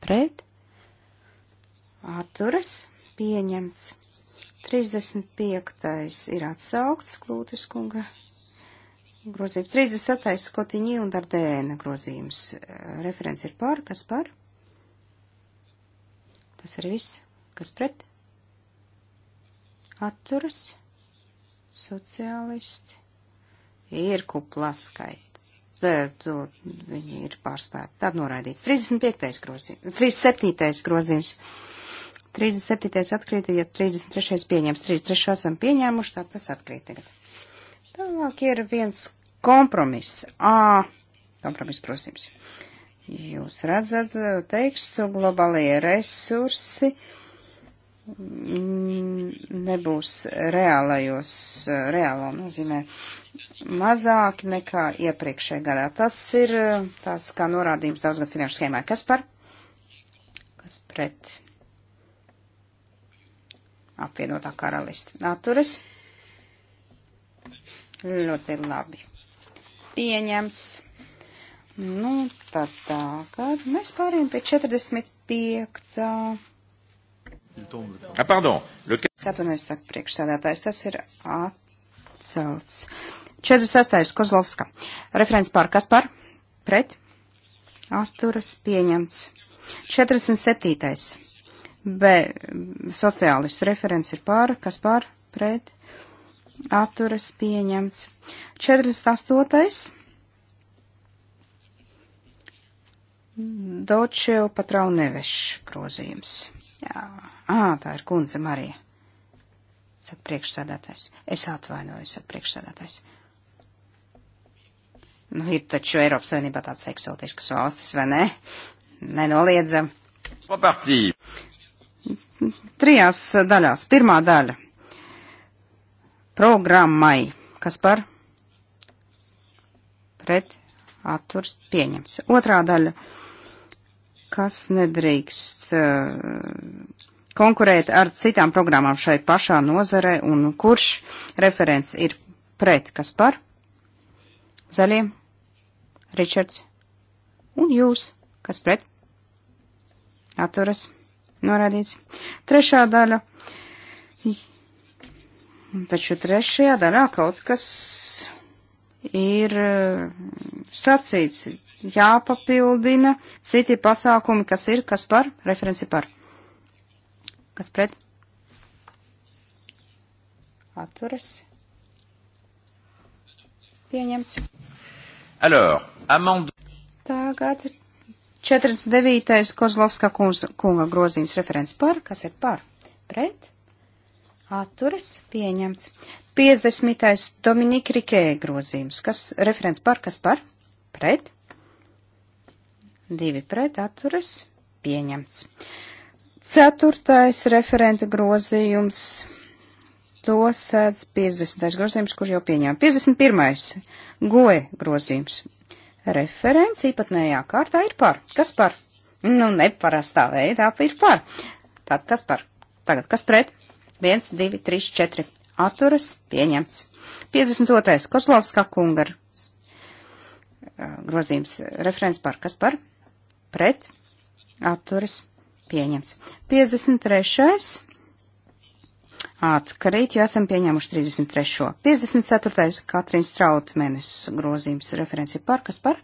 pret, atturs pieņemts. 35. ir atsaukts Klūtis kunga grozījums. 36. Skotiņī un Dardēna grozījums, referents ir par, kas par, tas ir viss, kas pret, atturs pieņemts Sociālisti ir kuplaskait. To viņi ir pārspēti. Tad noraidīts. 35. grozījums. 37. grozījums. 37. atkrīt, ja 33. pieņems. 33. esam pieņēmuši, tad tas atkrīt. Tālāk ir viens kompromiss. Ā, kompromiss, protams. Jūs redzat tekstu globālajie resursi Mm, nebūs reālajos, eh, reālā nozīmē mazāk nekā iepriekšējā gadā. Tas ir eh, tās kā norādījums daudzgad finanšu schēmai. Kas par? Kas pret? Apvienotā karalista. Naturas. Ļoti labi. Pieņemts. Nu, tad tā, kad mēs pārējām pie 45. Ah, pardon. Le... Ceturtais saka priekšsēdētājs, tas ir atcelts. 46. Kozlovska. Referents par kas par? Pret. Atturas pieņemts. 47. B. Sociālistu referents ir par kas par? Pret. Atturas pieņemts. 48. Dočev patraunevešu grozījums. Jā, à, tā ir kundze Marija, saka priekšsēdētājs. Es atvainojos, saka priekšsēdētājs. Nu, ir taču Eiropas Savienībā tāds eksotisks valstis, vai ne? Nenoliedzam. Papartī. Trijās daļās. Pirmā daļa. Programmai. Kas par? Pret. Atturs pieņemts. Otrā daļa kas nedrīkst eh, konkurēt ar citām programmām šai pašā nozarē un kurš referents ir pret, kas par? Zaļie, Ričards un jūs, kas pret? Atturas, norādīts. Trešā daļa. Taču trešajā daļā kaut kas ir eh, sacīts jāpapildina citi pasākumi, kas ir, kas par, referenci par. Kas pret? Atturas. Pieņemts. Alors, amand... Tagad 49. Kozlovska kunga, kunga grozījums referents par, kas ir par, pret, atturas, pieņemts. 50. Dominika Rikē grozījums, kas referents par, kas par, pret, 2 pret atturas pieņemts. Ceturtais referenta grozījums. To sēdz 50. grozījums, kur jau pieņēma. 51. goja grozījums. Referents īpatnējā kārtā ir par. Kas par? Nu, neparastā veidā ir par. Tad kas par? Tagad kas pret? 1, 2, 3, 4. Atturas pieņemts. 52. Kozlovska kungar uh, grozījums referents par. Kas par? pret atturas pieņemts. 53. Atkarīt, jo esam pieņēmuši 33. 54. Katrīnas Trautmenes grozījums referenci par, kas par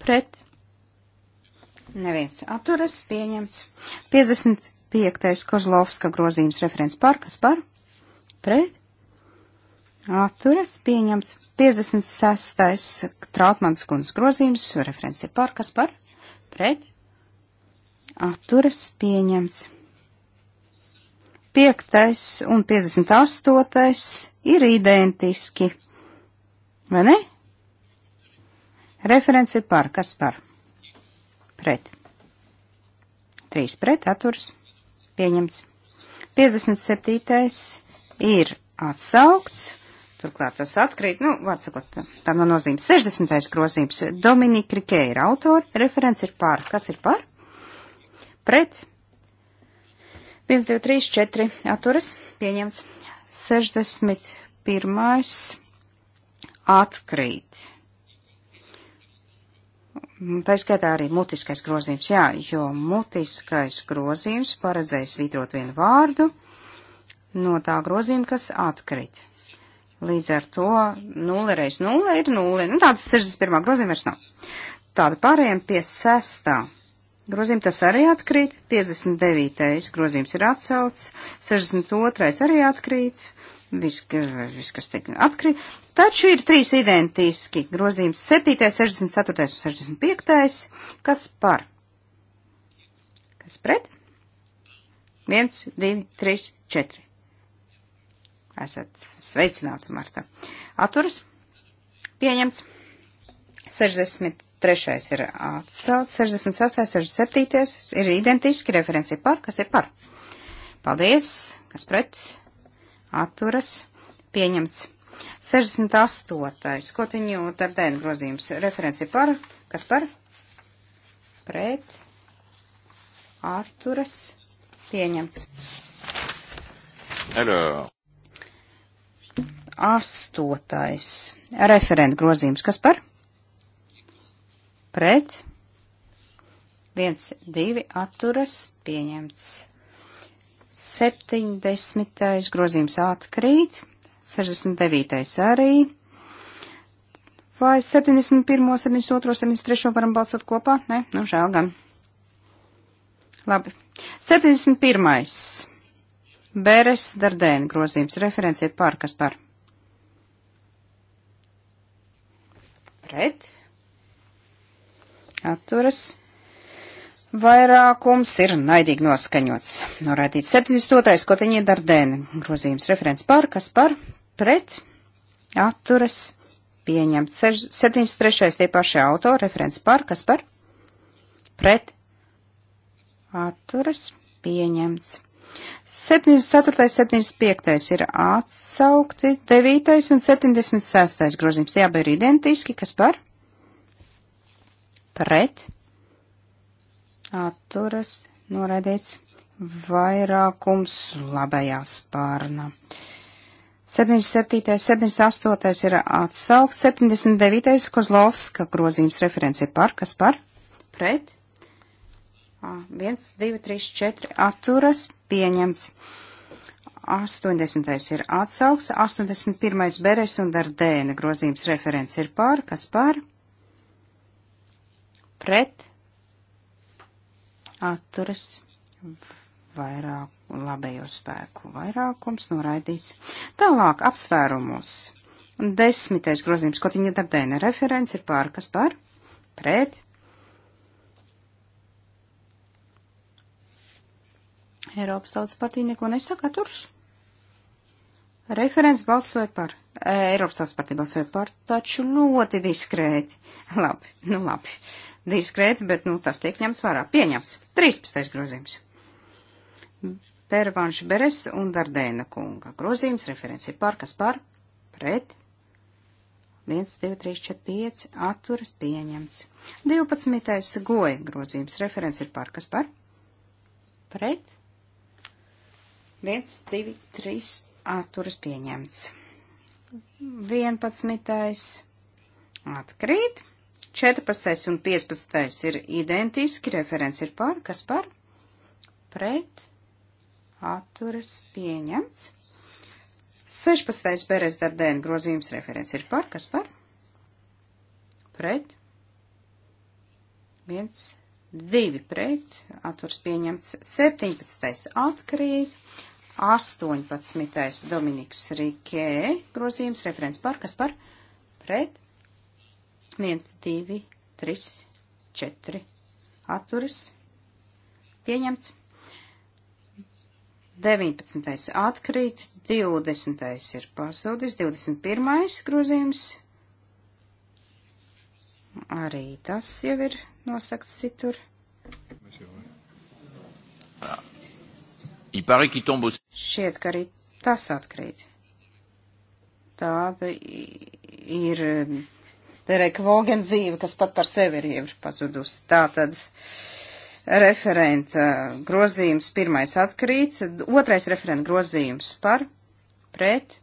pret neviens atturas pieņemts. 55. Kozlovska grozījums referenci par, kas par pret atturas pieņemts. 56. Trautmanas kundas grozījums referenci par, kas par pret pret, atturas pieņemts. Piektais un 58. ir identiski, vai ne? Referents ir par, kas par? Pret. Trīs pret, atturas pieņemts. 57. ir atsaukts. Turklāt tas atkrīt, nu, vārdsakot, tam nav nozīmes. 60. grozījums. Dominika Rikē ir autori, referents ir pār. Kas ir pār? Pret. 1, 2, 3, 4. Atturas. Pieņemts. 61. Atkrīt. Nu, tā skaitā arī mutiskais grozījums, jā, jo mutiskais grozījums paredzēja svītrot vienu vārdu no tā grozījuma, kas atkrīt. Līdz ar to 0 reiz 0 ir 0. Nu, tādas 61. grozījuma vairs nav. Tāda pārējiem pie 6. grozījuma tas arī atkrīt. 59. grozījums ir atcelts. 62. arī atkrīt. Viss, vis, kas tiek atkrīt. Taču ir trīs identiski grozījums - 7, 64 un 65, kas par? Kas pret? 1, 2, 3, 4. Esat sveicināti, Marta. Atturas pieņemts. 63. ir atcelts, 68. 67. ir identiski referenci par, kas ir par. Paldies, kas pret, atturas, pieņemts. 68. Skotiņu tardēnu grozījums, referenci par, kas par, pret, atturas, pieņemts. Alors astotais referenta grozījums. Kas par? Pret. Viens, divi atturas pieņemts. 70. grozījums atkrīt, 69. arī. Vai 71., 72., 73. varam balsot kopā? Nē, nu žēl gan. Labi. 71. Beres Dardēna grozījums. Referenciet pār, kas par. pret, atturas. Vairākums ir naidīgi noskaņots. Norādīts 72. kotiņi dardēni. Grozījums referents par, kas par, pret, atturas, pieņemts. 73. tie paši auto, referents par, kas par, pret, atturas, pieņemts. 74. 75. ir atsaukti, 9. un 76. grozījums. Tie abi ir identiski, kas par? Pret. Atturas noraidīts vairākums labajā spārna. 77. 78. ir atsaukts, 79. Kozlovska grozījums referents ir par, kas par? Pret. 1, 2, 3, 4 atturas pieņemts. 80. ir atsaugs, 81. beres un dardēna grozījums referents ir pār, kas pār? Pret. Atturas. Vairāk labējo spēku vairākums noraidīts. Tālāk apsvērumos. Desmitais grozījums, ko viņa dardēna referents ir pār, kas pār? Pret. Eiropas tautas partija neko nesaka, aturs. Referents balsoja par. E, Eiropas tautas partija balsoja par, taču ļoti diskrēti. Labi, nu labi. Diskrēti, bet, nu, tas tiek ņemts vērā. Pieņemts. 13. grozījums. Pērvanš Beres un Dardēna kunga. Grozījums referents ir par, kas par, pret, 1, 2, 3, 4, 5, atturas pieņemts. 12. goja grozījums referents ir par, kas par, pret, 1, 2, 3 atturas pieņemts. 11. atkrīt. 14. un 15. ir identiski, referents ir par, kas par? Pret, atturas pieņemts. 16. Beres Dardēna grozījums referents ir par, kas par? Pret, viens, divi pret, atturas pieņemts. 17. atkrīt. 18. Dominiks Rikē grozījums referents par, kas par pret 1, 2, 3, 4 atturis pieņemts. 19. atkrīt, 20. ir pazudis, 21. grozījums arī tas jau ir nosakts citur. Mēs jau varam. Il paraît qu'il tombe aussi. Šķiet, ka arī tas atkrīt. Tāda ir Dereka Vogan dzīve, kas pat par sevi ir jau pazudusi. Tātad referenta grozījums pirmais atkrīt, otrais referenta grozījums par, pret,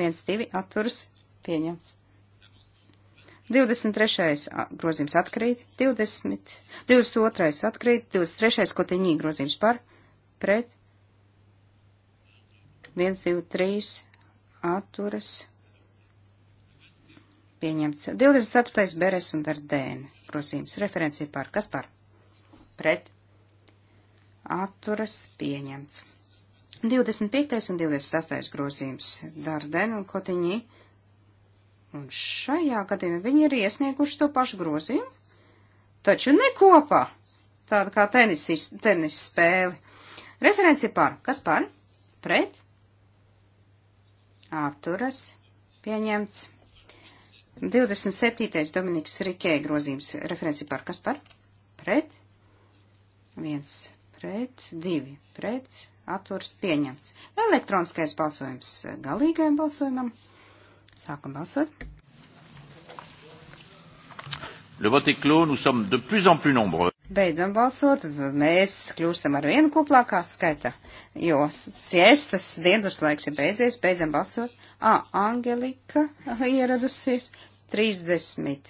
viens, divi, atturas, pieņemts. 23. grozījums atkrīt, 20, 22. atkrīt, 23. kotiņī grozījums par, pret, 1, 2, 3, atturas, pieņemts. 24. Beres un Dardēna, prosījums, referencija par, kas par? Pret, atturas, pieņemts. 25. un 26. grozījums Dardēna un Kotiņī. Un šajā gadījumā viņi ir iesnieguši to pašu grozījumu, taču ne kopā, tāda kā tenis, tenis spēle. Referenci par, kas par? Pret, atturas pieņemts. 27. Dominiks Rikē grozījums referenci par kas par? Pret. 1 pret, 2 pret, atturas pieņemts. Elektroniskais balsojums galīgajam balsojumam. Sākam balsot. Le vote est clos, nous sommes de plus en plus nombreux. Beidzam balsot, mēs kļūstam ar vienu kuplākā skaita jo siestas dienas laiks ir beidzies, beidzam balsot. Ā, Angelika ieradusies, 37.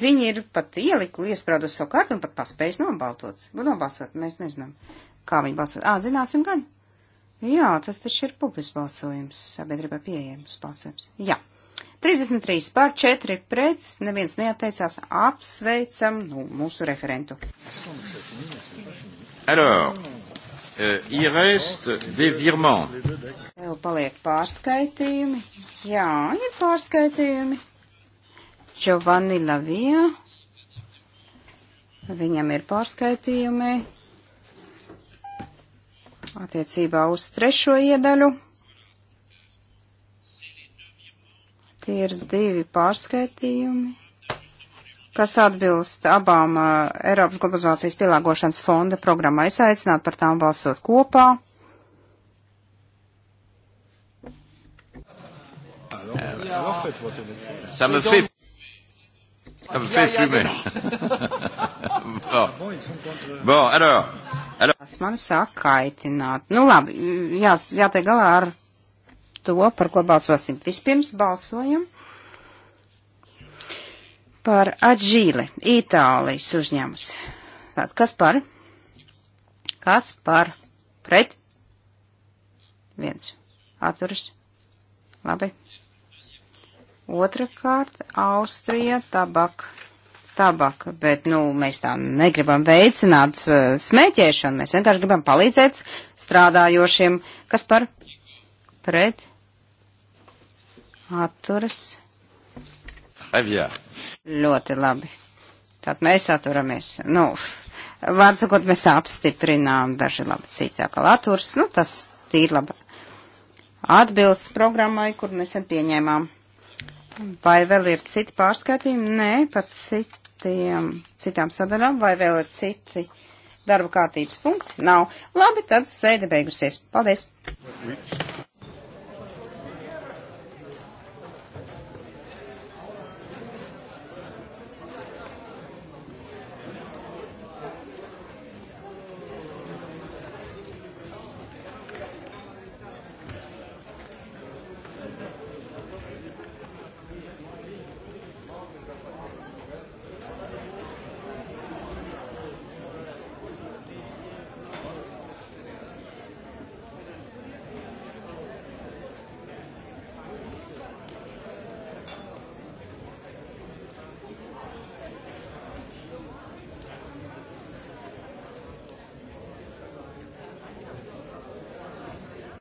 Viņi ir pat ieliku, iesprādu savu kārtu un pat paspējis nobaltot. Nobalsot, mēs nezinām, kā viņi balsot. Ā, zināsim gan. Jā, tas taču ir publisks balsojums, sabiedrībā pieejams balsojums. Jā. 33 pār 4 pret, neviens neatteicās, apsveicam nu, mūsu referentu. Alors, Euh, il reste des virements. Vēl paliek pārskaitījumi. Jā, ir pārskaitījumi. Giovanni Lavija. Viņam ir pārskaitījumi attiecībā uz trešo iedaļu. Tie ir divi pārskaitījumi kas atbilst abām uh, Eiropas globalizācijas pielāgošanas fonda programmai. Es aicinātu par tām balsot kopā. Ça me fait, ça me fait fumer. bon. bon, alors. alors. Tas man sāk kaitināt. Nu labi, jā, jātiek galā ar to, par ko balsosim. Vispirms balsojam par Adžīle, Itālijas uzņēmums. Tātad, kas par? Kas par? Pret? Viens. Atturis. Labi. Otra kārta - Austrija, tabaka. Tabaka, bet, nu, mēs tā negribam veicināt uh, smēķēšanu, mēs vienkārši gribam palīdzēt strādājošiem, kas par pret atturas Avjā. Ļoti labi. Tātad mēs atturamies. Nu, vārdsakot, mēs apstiprinām daži labi citā kalaturs. Nu, tas tīri labi atbilst programmai, kur nesen pieņēmām. Vai vēl ir citi pārskatījumi? Nē, pat citiem, citām sadarām, vai vēl ir citi darba kārtības punkti? Nav. Labi, tad sēde beigusies. Paldies!